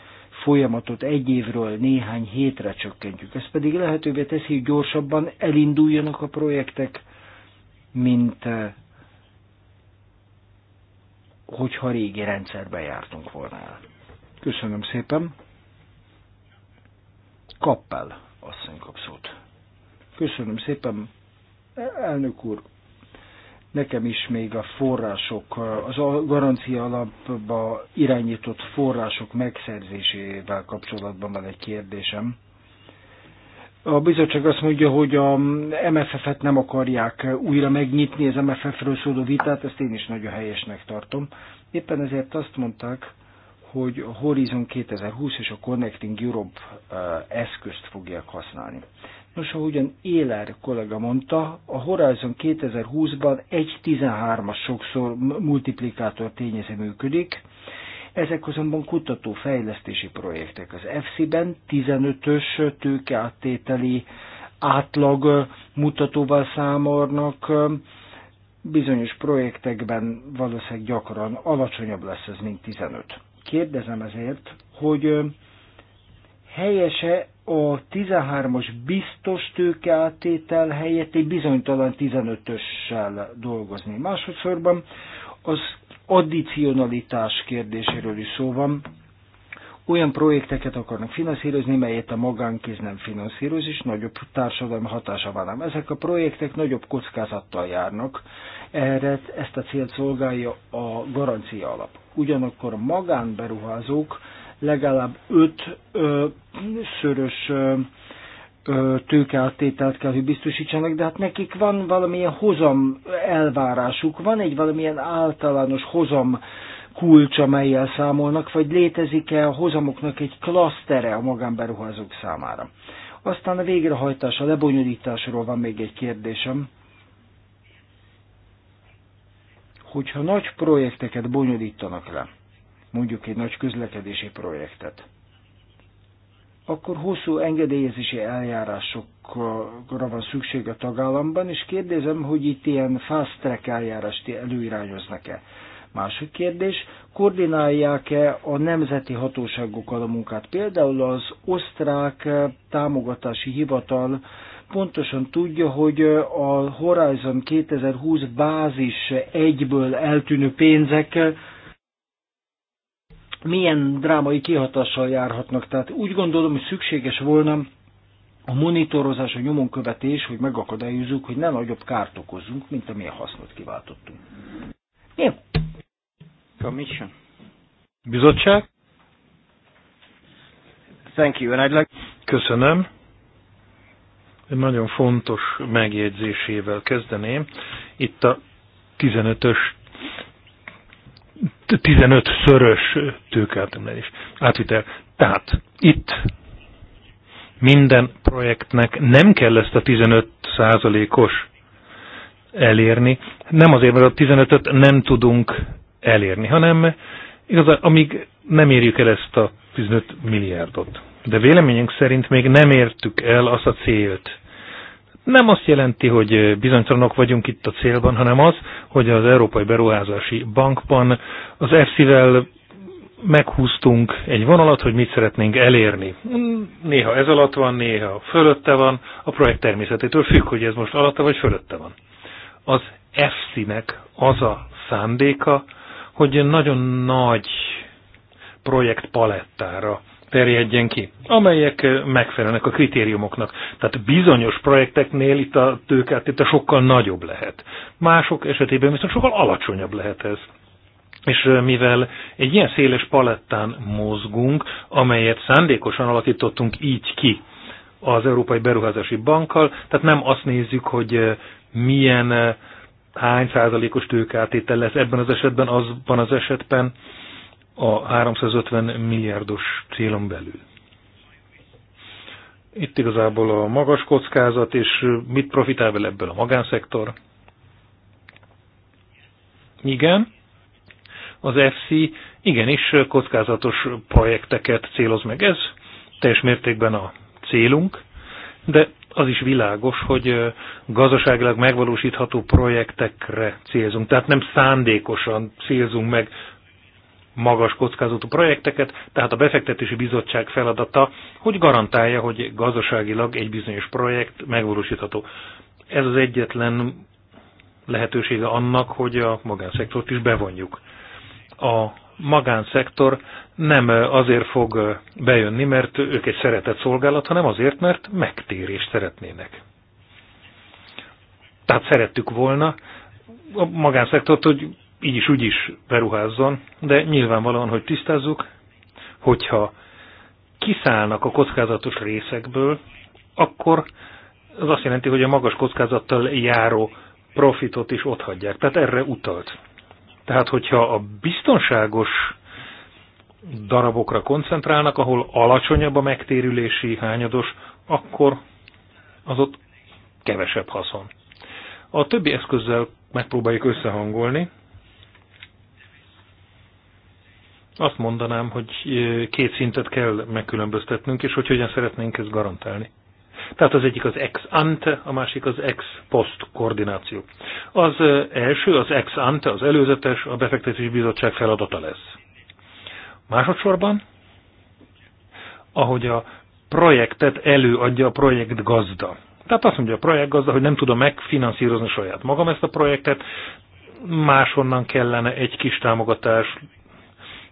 folyamatot egy évről néhány hétre csökkentjük. Ez pedig lehetővé teszi, hogy gyorsabban elinduljanak a projektek, mint hogyha régi rendszerben jártunk volna el. Köszönöm szépen. Kappel asszony kapszót. Köszönöm szépen, elnök úr. Nekem is még a források, az a garancia alapba irányított források megszerzésével kapcsolatban van egy kérdésem. A bizottság azt mondja, hogy a MFF-et nem akarják újra megnyitni, az MFF-ről szóló vitát, ezt én is nagyon helyesnek tartom. Éppen ezért azt mondták, hogy a Horizon 2020 és a Connecting Europe eh, eszközt fogják használni. Nos, ahogyan Éler kollega mondta, a Horizon 2020-ban 13 as sokszor multiplikátor tényező működik, ezek azonban kutató-fejlesztési projektek. Az EFSI-ben 15-ös tőkeáttételi átlag mutatóval számolnak, bizonyos projektekben valószínűleg gyakran alacsonyabb lesz ez, mint 15. Kérdezem ezért, hogy helyese a 13-as biztos tőkeáttétel helyett egy bizonytalan 15-össel dolgozni. Másodszorban az addicionalitás kérdéséről is szó van. Olyan projekteket akarnak finanszírozni, melyet a magánkéz nem finanszíroz, és nagyobb társadalmi hatása van. Ám ezek a projektek nagyobb kockázattal járnak, erre ezt a célt szolgálja a garancia alap. Ugyanakkor a magánberuházók legalább öt ö, szörös ö, tőkeáttételt kell, hogy biztosítsanak, de hát nekik van valamilyen hozam elvárásuk, van egy valamilyen általános hozam kulcs, amelyel számolnak, vagy létezik-e a hozamoknak egy klasztere a magánberuházók számára. Aztán a végrehajtás, a lebonyolításról van még egy kérdésem. Hogyha nagy projekteket bonyolítanak le, mondjuk egy nagy közlekedési projektet, akkor hosszú engedélyezési eljárásokra van szükség a tagállamban, és kérdezem, hogy itt ilyen fast track eljárást előirányoznak-e. Másik kérdés, koordinálják-e a nemzeti hatóságokkal a munkát? Például az osztrák támogatási hivatal pontosan tudja, hogy a Horizon 2020 bázis egyből eltűnő pénzekkel? milyen drámai kihatással járhatnak. Tehát úgy gondolom, hogy szükséges volna a monitorozás, a nyomonkövetés, hogy megakadályozzuk, hogy ne nagyobb kárt okozzunk, mint amilyen hasznot kiváltottunk. Jó. Commission. Bizottság? Thank you, and I'd like... Köszönöm. Egy nagyon fontos megjegyzésével kezdeném. Itt a 15-ös 15-szörös tőkeátemelés átvitel. Tehát itt minden projektnek nem kell ezt a 15 százalékos elérni. Nem azért, mert a 15-öt nem tudunk elérni, hanem igaz, amíg nem érjük el ezt a 15 milliárdot. De véleményünk szerint még nem értük el azt a célt, nem azt jelenti, hogy bizonytalanok vagyunk itt a célban, hanem az, hogy az Európai Beruházási Bankban az EFSZ-vel meghúztunk egy vonalat, hogy mit szeretnénk elérni. Néha ez alatt van, néha fölötte van, a projekt természetétől függ, hogy ez most alatta vagy fölötte van. Az EFSZ-nek az a szándéka, hogy nagyon nagy projektpalettára terjedjen ki, amelyek megfelelnek a kritériumoknak. Tehát bizonyos projekteknél itt a a sokkal nagyobb lehet. Mások esetében viszont sokkal alacsonyabb lehet ez. És mivel egy ilyen széles palettán mozgunk, amelyet szándékosan alakítottunk így ki az Európai Beruházási Bankkal, tehát nem azt nézzük, hogy milyen hány százalékos tőkátétel lesz ebben az esetben, azban az esetben, a 350 milliárdos célon belül. Itt igazából a magas kockázat, és mit profitál vele ebből a magánszektor? Igen, az FC igenis kockázatos projekteket céloz meg. Ez teljes mértékben a célunk, de az is világos, hogy gazdaságilag megvalósítható projektekre célzunk. Tehát nem szándékosan célzunk meg magas kockázatú projekteket, tehát a befektetési bizottság feladata, hogy garantálja, hogy gazdaságilag egy bizonyos projekt megvalósítható. Ez az egyetlen lehetősége annak, hogy a magánszektort is bevonjuk. A magánszektor nem azért fog bejönni, mert ők egy szeretett szolgálat, hanem azért, mert megtérést szeretnének. Tehát szerettük volna a magánszektort, hogy így is úgy is beruházzon, de nyilvánvalóan, hogy tisztázzuk, hogyha kiszállnak a kockázatos részekből, akkor az azt jelenti, hogy a magas kockázattal járó profitot is ott hagyják. Tehát erre utalt. Tehát, hogyha a biztonságos darabokra koncentrálnak, ahol alacsonyabb a megtérülési hányados, akkor az ott kevesebb haszon. A többi eszközzel megpróbáljuk összehangolni, Azt mondanám, hogy két szintet kell megkülönböztetnünk, és hogy hogyan szeretnénk ezt garantálni. Tehát az egyik az ex ante, a másik az ex post koordináció. Az első, az ex ante, az előzetes, a befektetési bizottság feladata lesz. Másodszorban, ahogy a projektet előadja a projekt gazda. Tehát azt mondja a projekt gazda, hogy nem tudom megfinanszírozni saját magam ezt a projektet, máshonnan kellene egy kis támogatás,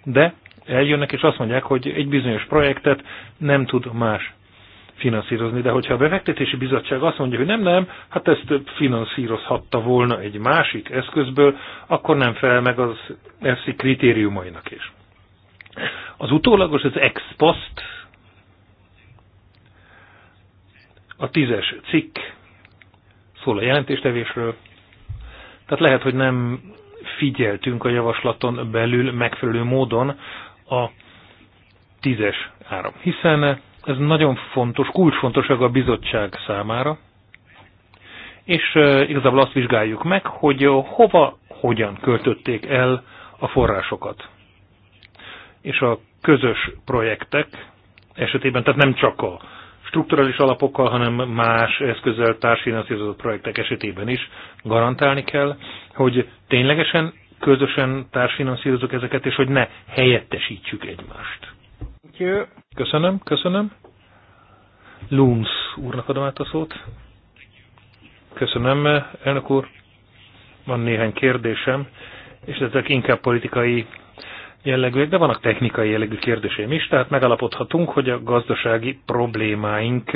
de eljönnek és azt mondják, hogy egy bizonyos projektet nem tud más finanszírozni. De hogyha a befektetési bizottság azt mondja, hogy nem, nem, hát ezt finanszírozhatta volna egy másik eszközből, akkor nem felel meg az ESZI kritériumainak is. Az utólagos, az ex post, a tízes cikk szól a jelentéstevésről, tehát lehet, hogy nem figyeltünk a javaslaton belül megfelelő módon a tízes áram. Hiszen ez nagyon fontos, kulcsfontosság a bizottság számára, és e, igazából azt vizsgáljuk meg, hogy hova, hogyan költötték el a forrásokat. És a közös projektek esetében, tehát nem csak a strukturális alapokkal, hanem más eszközzel társfinanszírozott projektek esetében is garantálni kell, hogy ténylegesen közösen társfinanszírozok ezeket, és hogy ne helyettesítsük egymást. Köszönöm, köszönöm. Lums úrnak adom át a szót. Köszönöm, elnök úr. Van néhány kérdésem, és ezek inkább politikai jellegűek, de vannak technikai jellegű kérdéseim is, tehát megalapodhatunk, hogy a gazdasági problémáink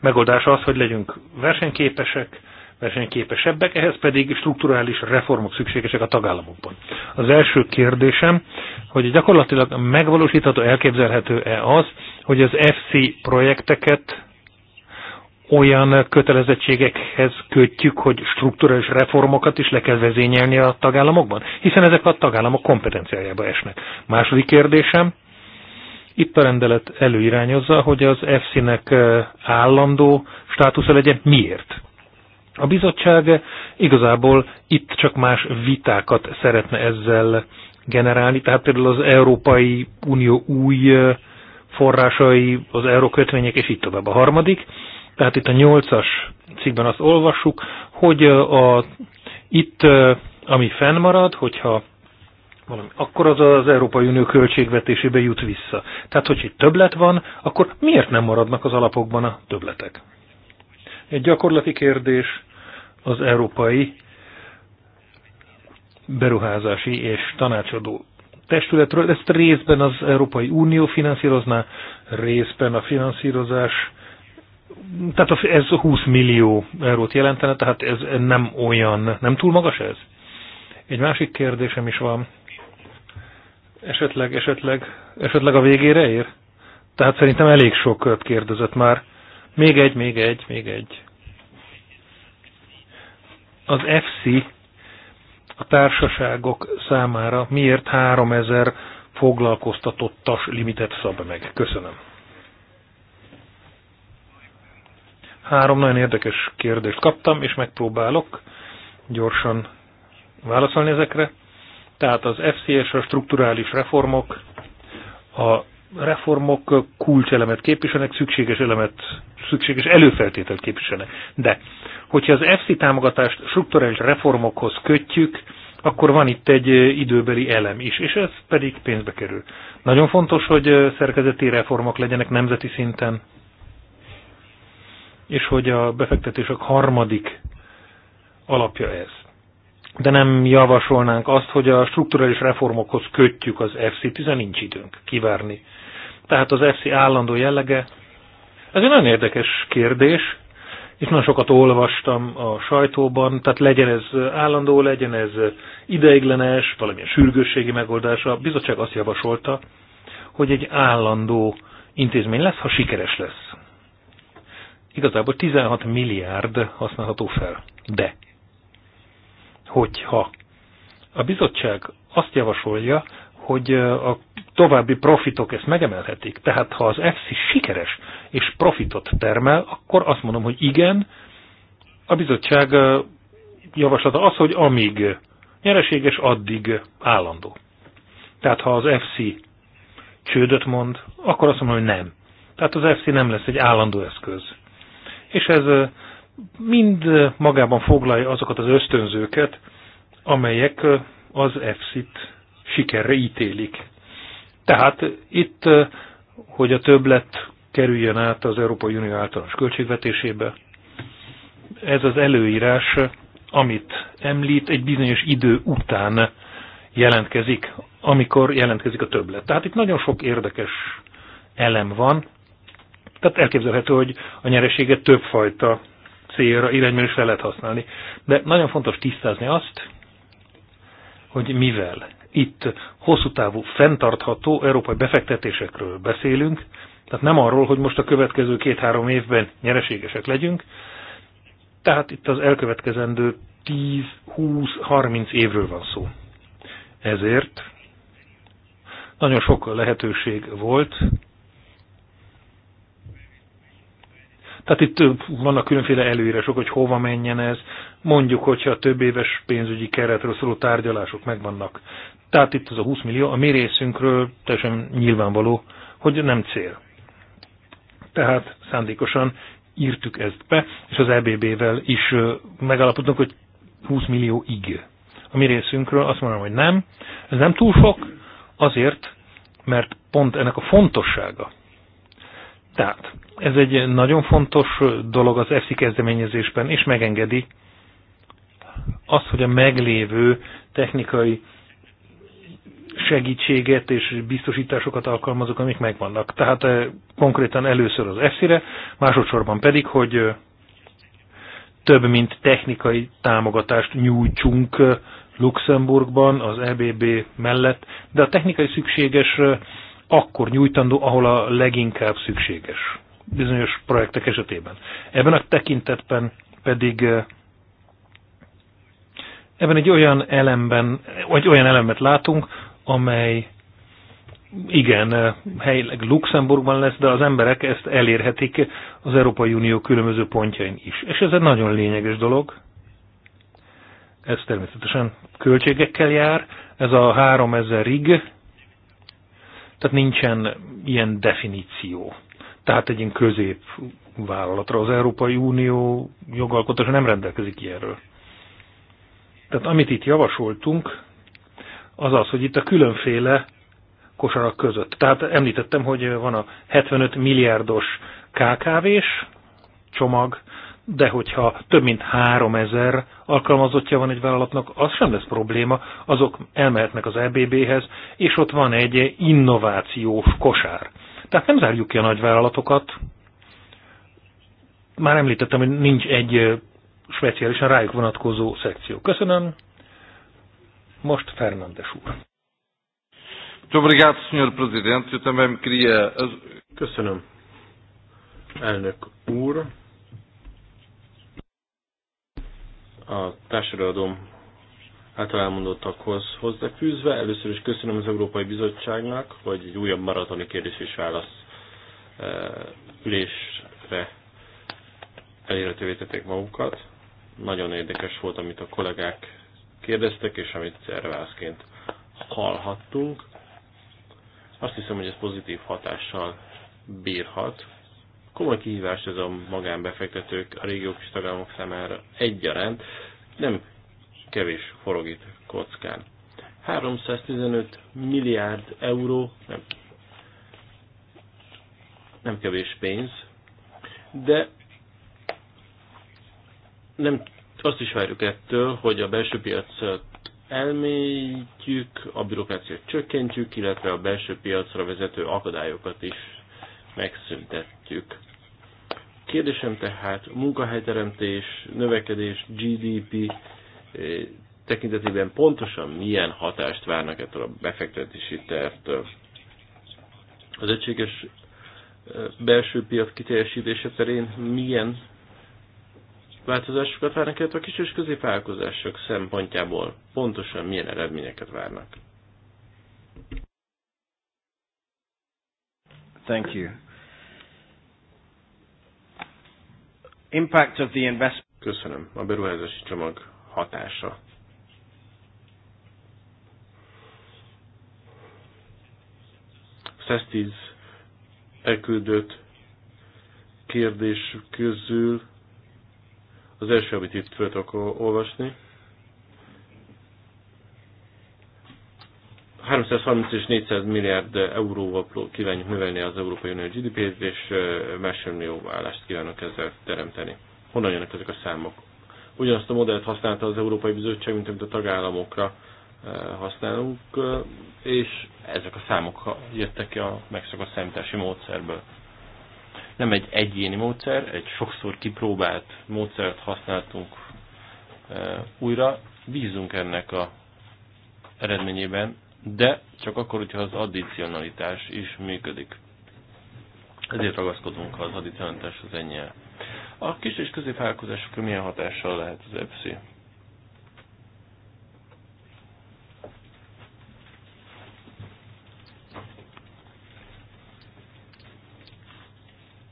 megoldása az, hogy legyünk versenyképesek, versenyképesebbek, ehhez pedig strukturális reformok szükségesek a tagállamokban. Az első kérdésem, hogy gyakorlatilag megvalósítható, elképzelhető-e az, hogy az FC projekteket olyan kötelezettségekhez kötjük, hogy strukturális reformokat is le kell vezényelni a tagállamokban, hiszen ezek a tagállamok kompetenciájába esnek. Második kérdésem, itt a rendelet előirányozza, hogy az EFSZ-nek állandó státusza legyen. Miért? A bizottság igazából itt csak más vitákat szeretne ezzel generálni, tehát például az Európai Unió új forrásai, az eurókötvények, és így tovább. A harmadik, tehát itt a nyolcas cikkben azt olvassuk, hogy a, itt ami fennmarad, hogyha valami, akkor az az Európai Unió költségvetésébe jut vissza. Tehát, hogyha itt többlet van, akkor miért nem maradnak az alapokban a többletek? Egy gyakorlati kérdés az Európai Beruházási és Tanácsadó Testületről. Ezt részben az Európai Unió finanszírozná, részben a finanszírozás tehát ez 20 millió eurót jelentene, tehát ez nem olyan, nem túl magas ez? Egy másik kérdésem is van. Esetleg, esetleg, esetleg a végére ér? Tehát szerintem elég sokat kérdezett már. Még egy, még egy, még egy. Az FC a társaságok számára miért 3000 foglalkoztatottas limitet szab meg? Köszönöm. Három nagyon érdekes kérdést kaptam, és megpróbálok gyorsan válaszolni ezekre. Tehát az FCS, a strukturális reformok, a reformok kulcselemet képviselnek, szükséges elemet, szükséges előfeltételt képviselnek. De, hogyha az FC támogatást strukturális reformokhoz kötjük, akkor van itt egy időbeli elem is, és ez pedig pénzbe kerül. Nagyon fontos, hogy szerkezeti reformok legyenek nemzeti szinten, és hogy a befektetések harmadik alapja ez. De nem javasolnánk azt, hogy a strukturális reformokhoz kötjük az FC-t, hiszen nincs időnk kivárni. Tehát az FC állandó jellege, ez egy nagyon érdekes kérdés, és nagyon sokat olvastam a sajtóban, tehát legyen ez állandó, legyen ez ideiglenes, valamilyen sürgősségi megoldása. A bizottság azt javasolta, hogy egy állandó intézmény lesz, ha sikeres lesz igazából 16 milliárd használható fel. De, hogyha a bizottság azt javasolja, hogy a további profitok ezt megemelhetik, tehát ha az EFSI sikeres és profitot termel, akkor azt mondom, hogy igen, a bizottság javaslata az, hogy amíg nyereséges, addig állandó. Tehát ha az FC csődöt mond, akkor azt mondom, hogy nem. Tehát az FC nem lesz egy állandó eszköz és ez mind magában foglalja azokat az ösztönzőket, amelyek az EFSZ-t sikerre ítélik. Tehát itt, hogy a többlet kerüljön át az Európai Unió általános költségvetésébe, ez az előírás, amit említ, egy bizonyos idő után jelentkezik, amikor jelentkezik a többlet. Tehát itt nagyon sok érdekes elem van, tehát elképzelhető, hogy a nyereséget többfajta célra, irányban is fel lehet használni. De nagyon fontos tisztázni azt, hogy mivel itt hosszú távú, fenntartható európai befektetésekről beszélünk, tehát nem arról, hogy most a következő két-három évben nyereségesek legyünk, tehát itt az elkövetkezendő 10, 20, 30 évről van szó. Ezért nagyon sok lehetőség volt Tehát itt vannak különféle előírások, hogy hova menjen ez. Mondjuk, hogyha a több éves pénzügyi keretről szóló tárgyalások megvannak. Tehát itt az a 20 millió, a mi részünkről teljesen nyilvánvaló, hogy nem cél. Tehát szándékosan írtuk ezt be, és az EBB-vel is megállapodtunk, hogy 20 millió ig. A mi részünkről azt mondom, hogy nem, ez nem túl sok, azért, mert pont ennek a fontossága, tehát ez egy nagyon fontos dolog az EFSI kezdeményezésben, és megengedi azt, hogy a meglévő technikai segítséget és biztosításokat alkalmazok, amik megvannak. Tehát eh, konkrétan először az EFSI-re, másodszorban pedig, hogy eh, több mint technikai támogatást nyújtsunk eh, Luxemburgban, az EBB mellett, de a technikai szükséges akkor nyújtandó, ahol a leginkább szükséges bizonyos projektek esetében. Ebben a tekintetben pedig eh, ebben egy olyan elemben, vagy olyan elemet látunk, amely igen, eh, helyleg Luxemburgban lesz, de az emberek ezt elérhetik az Európai Unió különböző pontjain is. És ez egy nagyon lényeges dolog. Ez természetesen költségekkel jár. Ez a 3000 rig tehát nincsen ilyen definíció. Tehát egy ilyen középvállalatra. Az Európai Unió jogalkotása nem rendelkezik ilyenről. Tehát amit itt javasoltunk, az az, hogy itt a különféle kosarak között. Tehát említettem, hogy van a 75 milliárdos KKV-s csomag, de hogyha több mint 3000 alkalmazottja van egy vállalatnak, az sem lesz probléma, azok elmehetnek az EBB-hez, és ott van egy innovációs kosár. Tehát nem zárjuk ki a nagyvállalatokat. Már említettem, hogy nincs egy speciálisan rájuk vonatkozó szekció. Köszönöm. Most Fernandes úr. Köszönöm, elnök úr. a társadalom által elmondottakhoz hozzáfűzve. Először is köszönöm az Európai Bizottságnak, hogy egy újabb maratoni kérdés és válasz e, ülésre elérhetővé tették magukat. Nagyon érdekes volt, amit a kollégák kérdeztek, és amit szervászként hallhattunk. Azt hiszem, hogy ez pozitív hatással bírhat Komoly kihívás ez a magánbefektetők a régiók és tagállamok számára egyaránt, nem kevés forog itt kockán. 315 milliárd euró, nem, nem kevés pénz, de nem azt is várjuk ettől, hogy a belső piacot elmélyítjük, a bürokráciát csökkentjük, illetve a belső piacra vezető akadályokat is megszüntettük. Kérdésem tehát munkahelyteremtés, növekedés, GDP eh, tekintetében pontosan milyen hatást várnak ettől a befektetési tervtől. Az egységes eh, belső piac kiteljesítése terén milyen változásokat várnak, illetve a kis és középvállalkozások szempontjából pontosan milyen eredményeket várnak. Thank you. Impact of the investment. Köszönöm. A beruházási csomag hatása. Szesztíz elküldött kérdés közül az első, amit itt fel olvasni. 330 és 400 milliárd euróval kívánjuk növelni az Európai Unió GDP-t, és másfél millió állást kívánok ezzel teremteni. Honnan jönnek ezek a számok? Ugyanazt a modellt használta az Európai Bizottság, mint amit a tagállamokra használunk, és ezek a számok jöttek ki a megszokott számítási módszerből. Nem egy egyéni módszer, egy sokszor kipróbált módszert használtunk újra. Bízunk ennek a eredményében de csak akkor, hogyha az addicionalitás is működik. Ezért ragaszkodunk az addicionalitáshoz ennyire. A kis és középvállalkozásokra milyen hatással lehet az EPSI?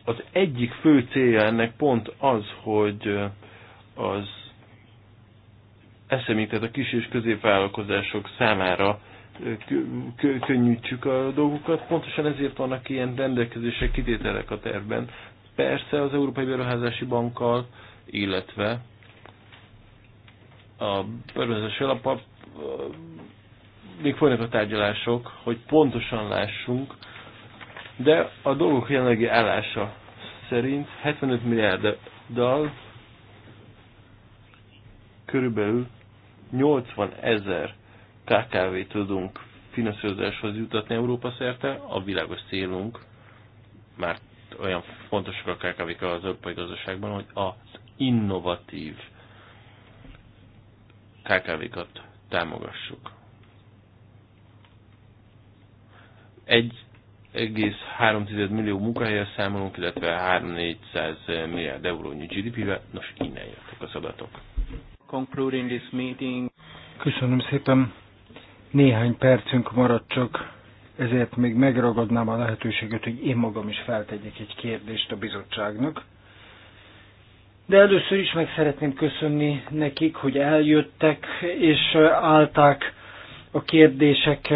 Az egyik fő célja ennek pont az, hogy az SMI, tehát a kis és középvállalkozások számára könnyítsük a dolgokat. Pontosan ezért vannak ilyen rendelkezések, kitételek a tervben. Persze az Európai Beruházási Bankkal, illetve a beruházási alapap még folynak a tárgyalások, hogy pontosan lássunk, de a dolgok jelenlegi állása szerint 75 milliárddal körülbelül 80 ezer KKV tudunk finanszírozáshoz jutatni Európa szerte, a világos célunk, már olyan fontosak a kkv az európai gazdaságban, hogy az innovatív KKV-kat támogassuk. 1,3 millió munkahelyet számolunk, illetve 3-400 milliárd eurónyi GDP-vel. Nos, innen jöttek az adatok. Concluding this meeting. Köszönöm szépen. Néhány percünk maradt csak, ezért még megragadnám a lehetőséget, hogy én magam is feltegyek egy kérdést a bizottságnak. De először is meg szeretném köszönni nekik, hogy eljöttek és állták a kérdések,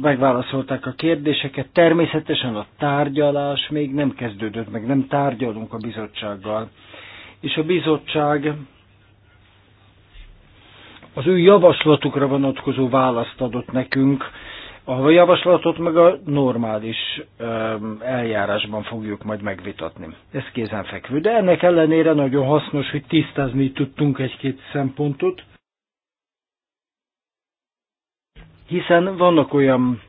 megválaszolták a kérdéseket. Természetesen a tárgyalás még nem kezdődött, meg nem tárgyalunk a bizottsággal. És a bizottság az ő javaslatukra vonatkozó választ adott nekünk. A javaslatot meg a normális eljárásban fogjuk majd megvitatni. Ez kézenfekvő, de ennek ellenére nagyon hasznos, hogy tisztázni tudtunk egy-két szempontot, hiszen vannak olyan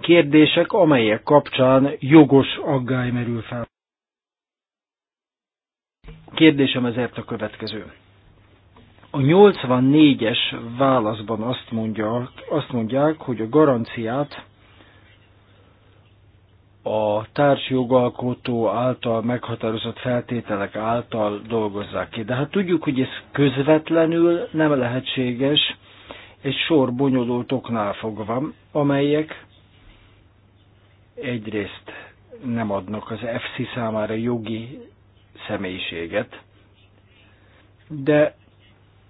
kérdések, amelyek kapcsán jogos aggály merül fel. Kérdésem ezért a következő. A 84-es válaszban azt, mondja, azt mondják, hogy a garanciát a társjogalkotó által meghatározott feltételek által dolgozzák ki. De hát tudjuk, hogy ez közvetlenül nem lehetséges egy sor bonyolult oknál fogva, amelyek egyrészt nem adnak az FC számára jogi személyiséget, de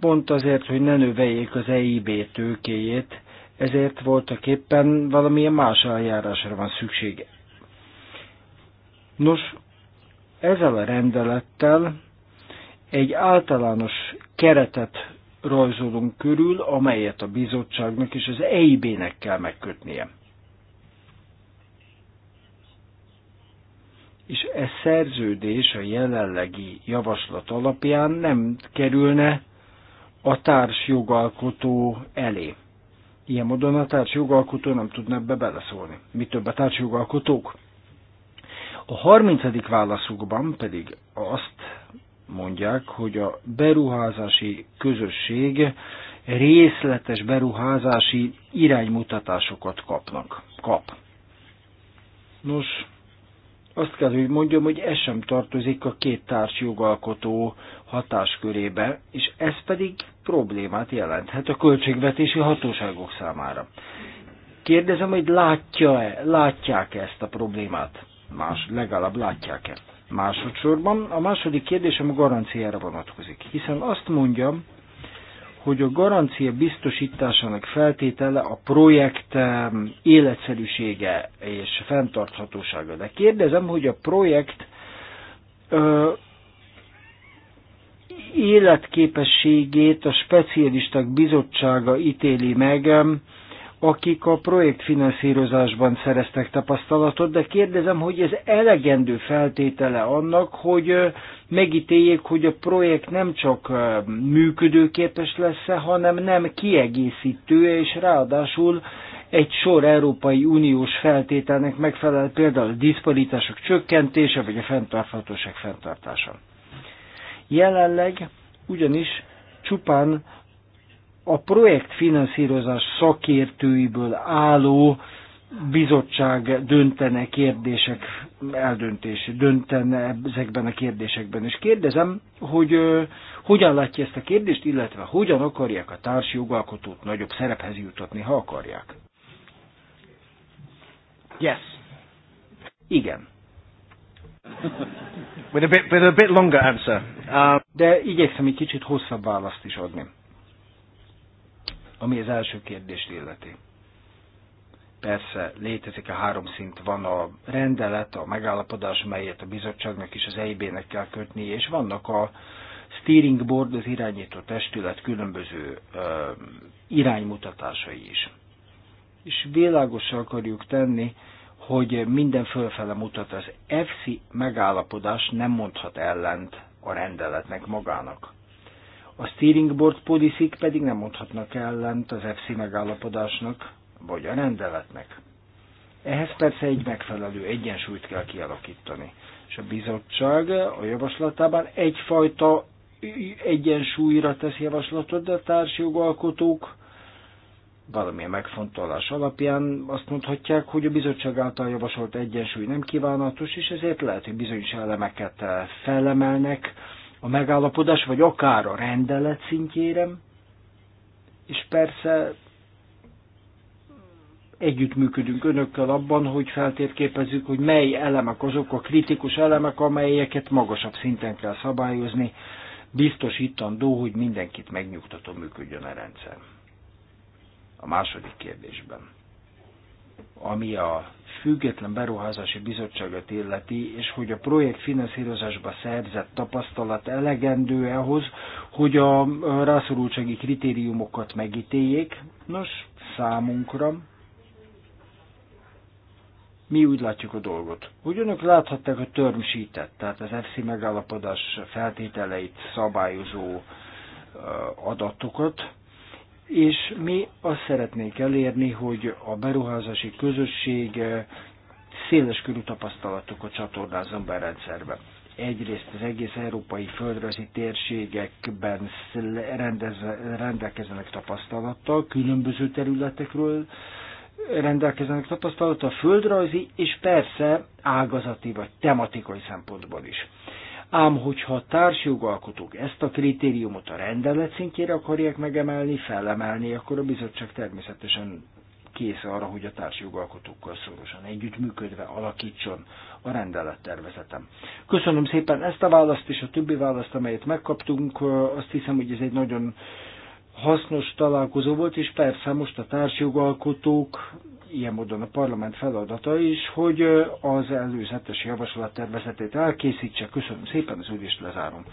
pont azért, hogy ne növeljék az EIB tőkéjét, ezért voltak éppen valamilyen más eljárásra van szüksége. Nos, ezzel a rendelettel egy általános keretet rajzolunk körül, amelyet a bizottságnak és az EIB-nek kell megkötnie. És ez szerződés a jelenlegi javaslat alapján nem kerülne a társ jogalkotó elé. Ilyen módon a társ jogalkotó nem tudna ebbe beleszólni. Mi több a társ jogalkotók? A 30. válaszukban pedig azt mondják, hogy a beruházási közösség részletes beruházási iránymutatásokat kapnak. Kap. Nos, azt kell, hogy mondjam, hogy ez sem tartozik a két társ jogalkotó hatáskörébe, és ez pedig problémát jelenthet a költségvetési hatóságok számára. Kérdezem, hogy látja-e, látják-e ezt a problémát? Más, legalább látják-e? Másodszorban a második kérdésem a garanciára vonatkozik, hiszen azt mondjam, hogy a garancia biztosításának feltétele a projekt életszerűsége és fenntarthatósága. De kérdezem, hogy a projekt ö, életképességét a specialisták bizottsága ítéli meg, akik a projektfinanszírozásban szereztek tapasztalatot, de kérdezem, hogy ez elegendő feltétele annak, hogy megítéljék, hogy a projekt nem csak működőképes lesz-e, hanem nem kiegészítő, és ráadásul egy sor Európai Uniós feltételnek megfelel, például a diszparitások csökkentése, vagy a fenntarthatóság fenntartása. Jelenleg ugyanis csupán a projektfinanszírozás szakértőiből álló bizottság döntene kérdések eldöntési, döntene ezekben a kérdésekben. És kérdezem, hogy ö, hogyan látja ezt a kérdést, illetve hogyan akarják a társ jogalkotót nagyobb szerephez jutatni, ha akarják. Yes. Igen. With a bit, with a bit longer answer. Uh... De igyekszem egy kicsit hosszabb választ is adni. Ami az első kérdést illeti. Persze létezik a három szint, van a rendelet, a megállapodás, melyet a bizottságnak és az EIB-nek kell kötni, és vannak a steering board, az irányító testület különböző ö, iránymutatásai is. És világosra akarjuk tenni, hogy minden fölfele mutat az FC megállapodás nem mondhat ellent a rendeletnek magának. A steering board policy pedig nem mondhatnak ellent az FC megállapodásnak, vagy a rendeletnek. Ehhez persze egy megfelelő egyensúlyt kell kialakítani. És a bizottság a javaslatában egyfajta egyensúlyra tesz javaslatot, de a társjogalkotók valamilyen megfontolás alapján azt mondhatják, hogy a bizottság által javasolt egyensúly nem kívánatos, és ezért lehet, hogy bizonyos elemeket felemelnek, a megállapodás, vagy akár a rendelet szintjére, és persze együttműködünk önökkel abban, hogy feltérképezzük, hogy mely elemek azok a kritikus elemek, amelyeket magasabb szinten kell szabályozni, biztosítandó, hogy mindenkit megnyugtató működjön a rendszer. A második kérdésben, ami a független beruházási bizottságot illeti, és hogy a projekt finanszírozásba szerzett tapasztalat elegendő ahhoz, hogy a rászorultsági kritériumokat megítéljék. Nos, számunkra mi úgy látjuk a dolgot. Hogy önök láthatták a term sheet-et, tehát az FC megállapodás feltételeit szabályozó adatokat, és mi azt szeretnék elérni, hogy a beruházási közösség eh, széles körű tapasztalatokat csatornázzon be a rendszerbe. Egyrészt az egész európai földrajzi térségekben rendez, rendelkezenek tapasztalattal, különböző területekről rendelkezenek tapasztalattal, földrajzi és persze ágazati vagy tematikai szempontból is. Ám hogyha a társjogalkotók ezt a kritériumot a rendelet szintjére akarják megemelni, felemelni, akkor a bizottság természetesen kész arra, hogy a társjogalkotókkal szorosan együttműködve alakítson a rendelettervezetem. Köszönöm szépen ezt a választ és a többi választ, amelyet megkaptunk. Azt hiszem, hogy ez egy nagyon hasznos találkozó volt, és persze most a társjogalkotók ilyen módon a parlament feladata is, hogy az előzetes javaslattervezetét elkészítse. Köszönöm szépen, az ülést lezárom.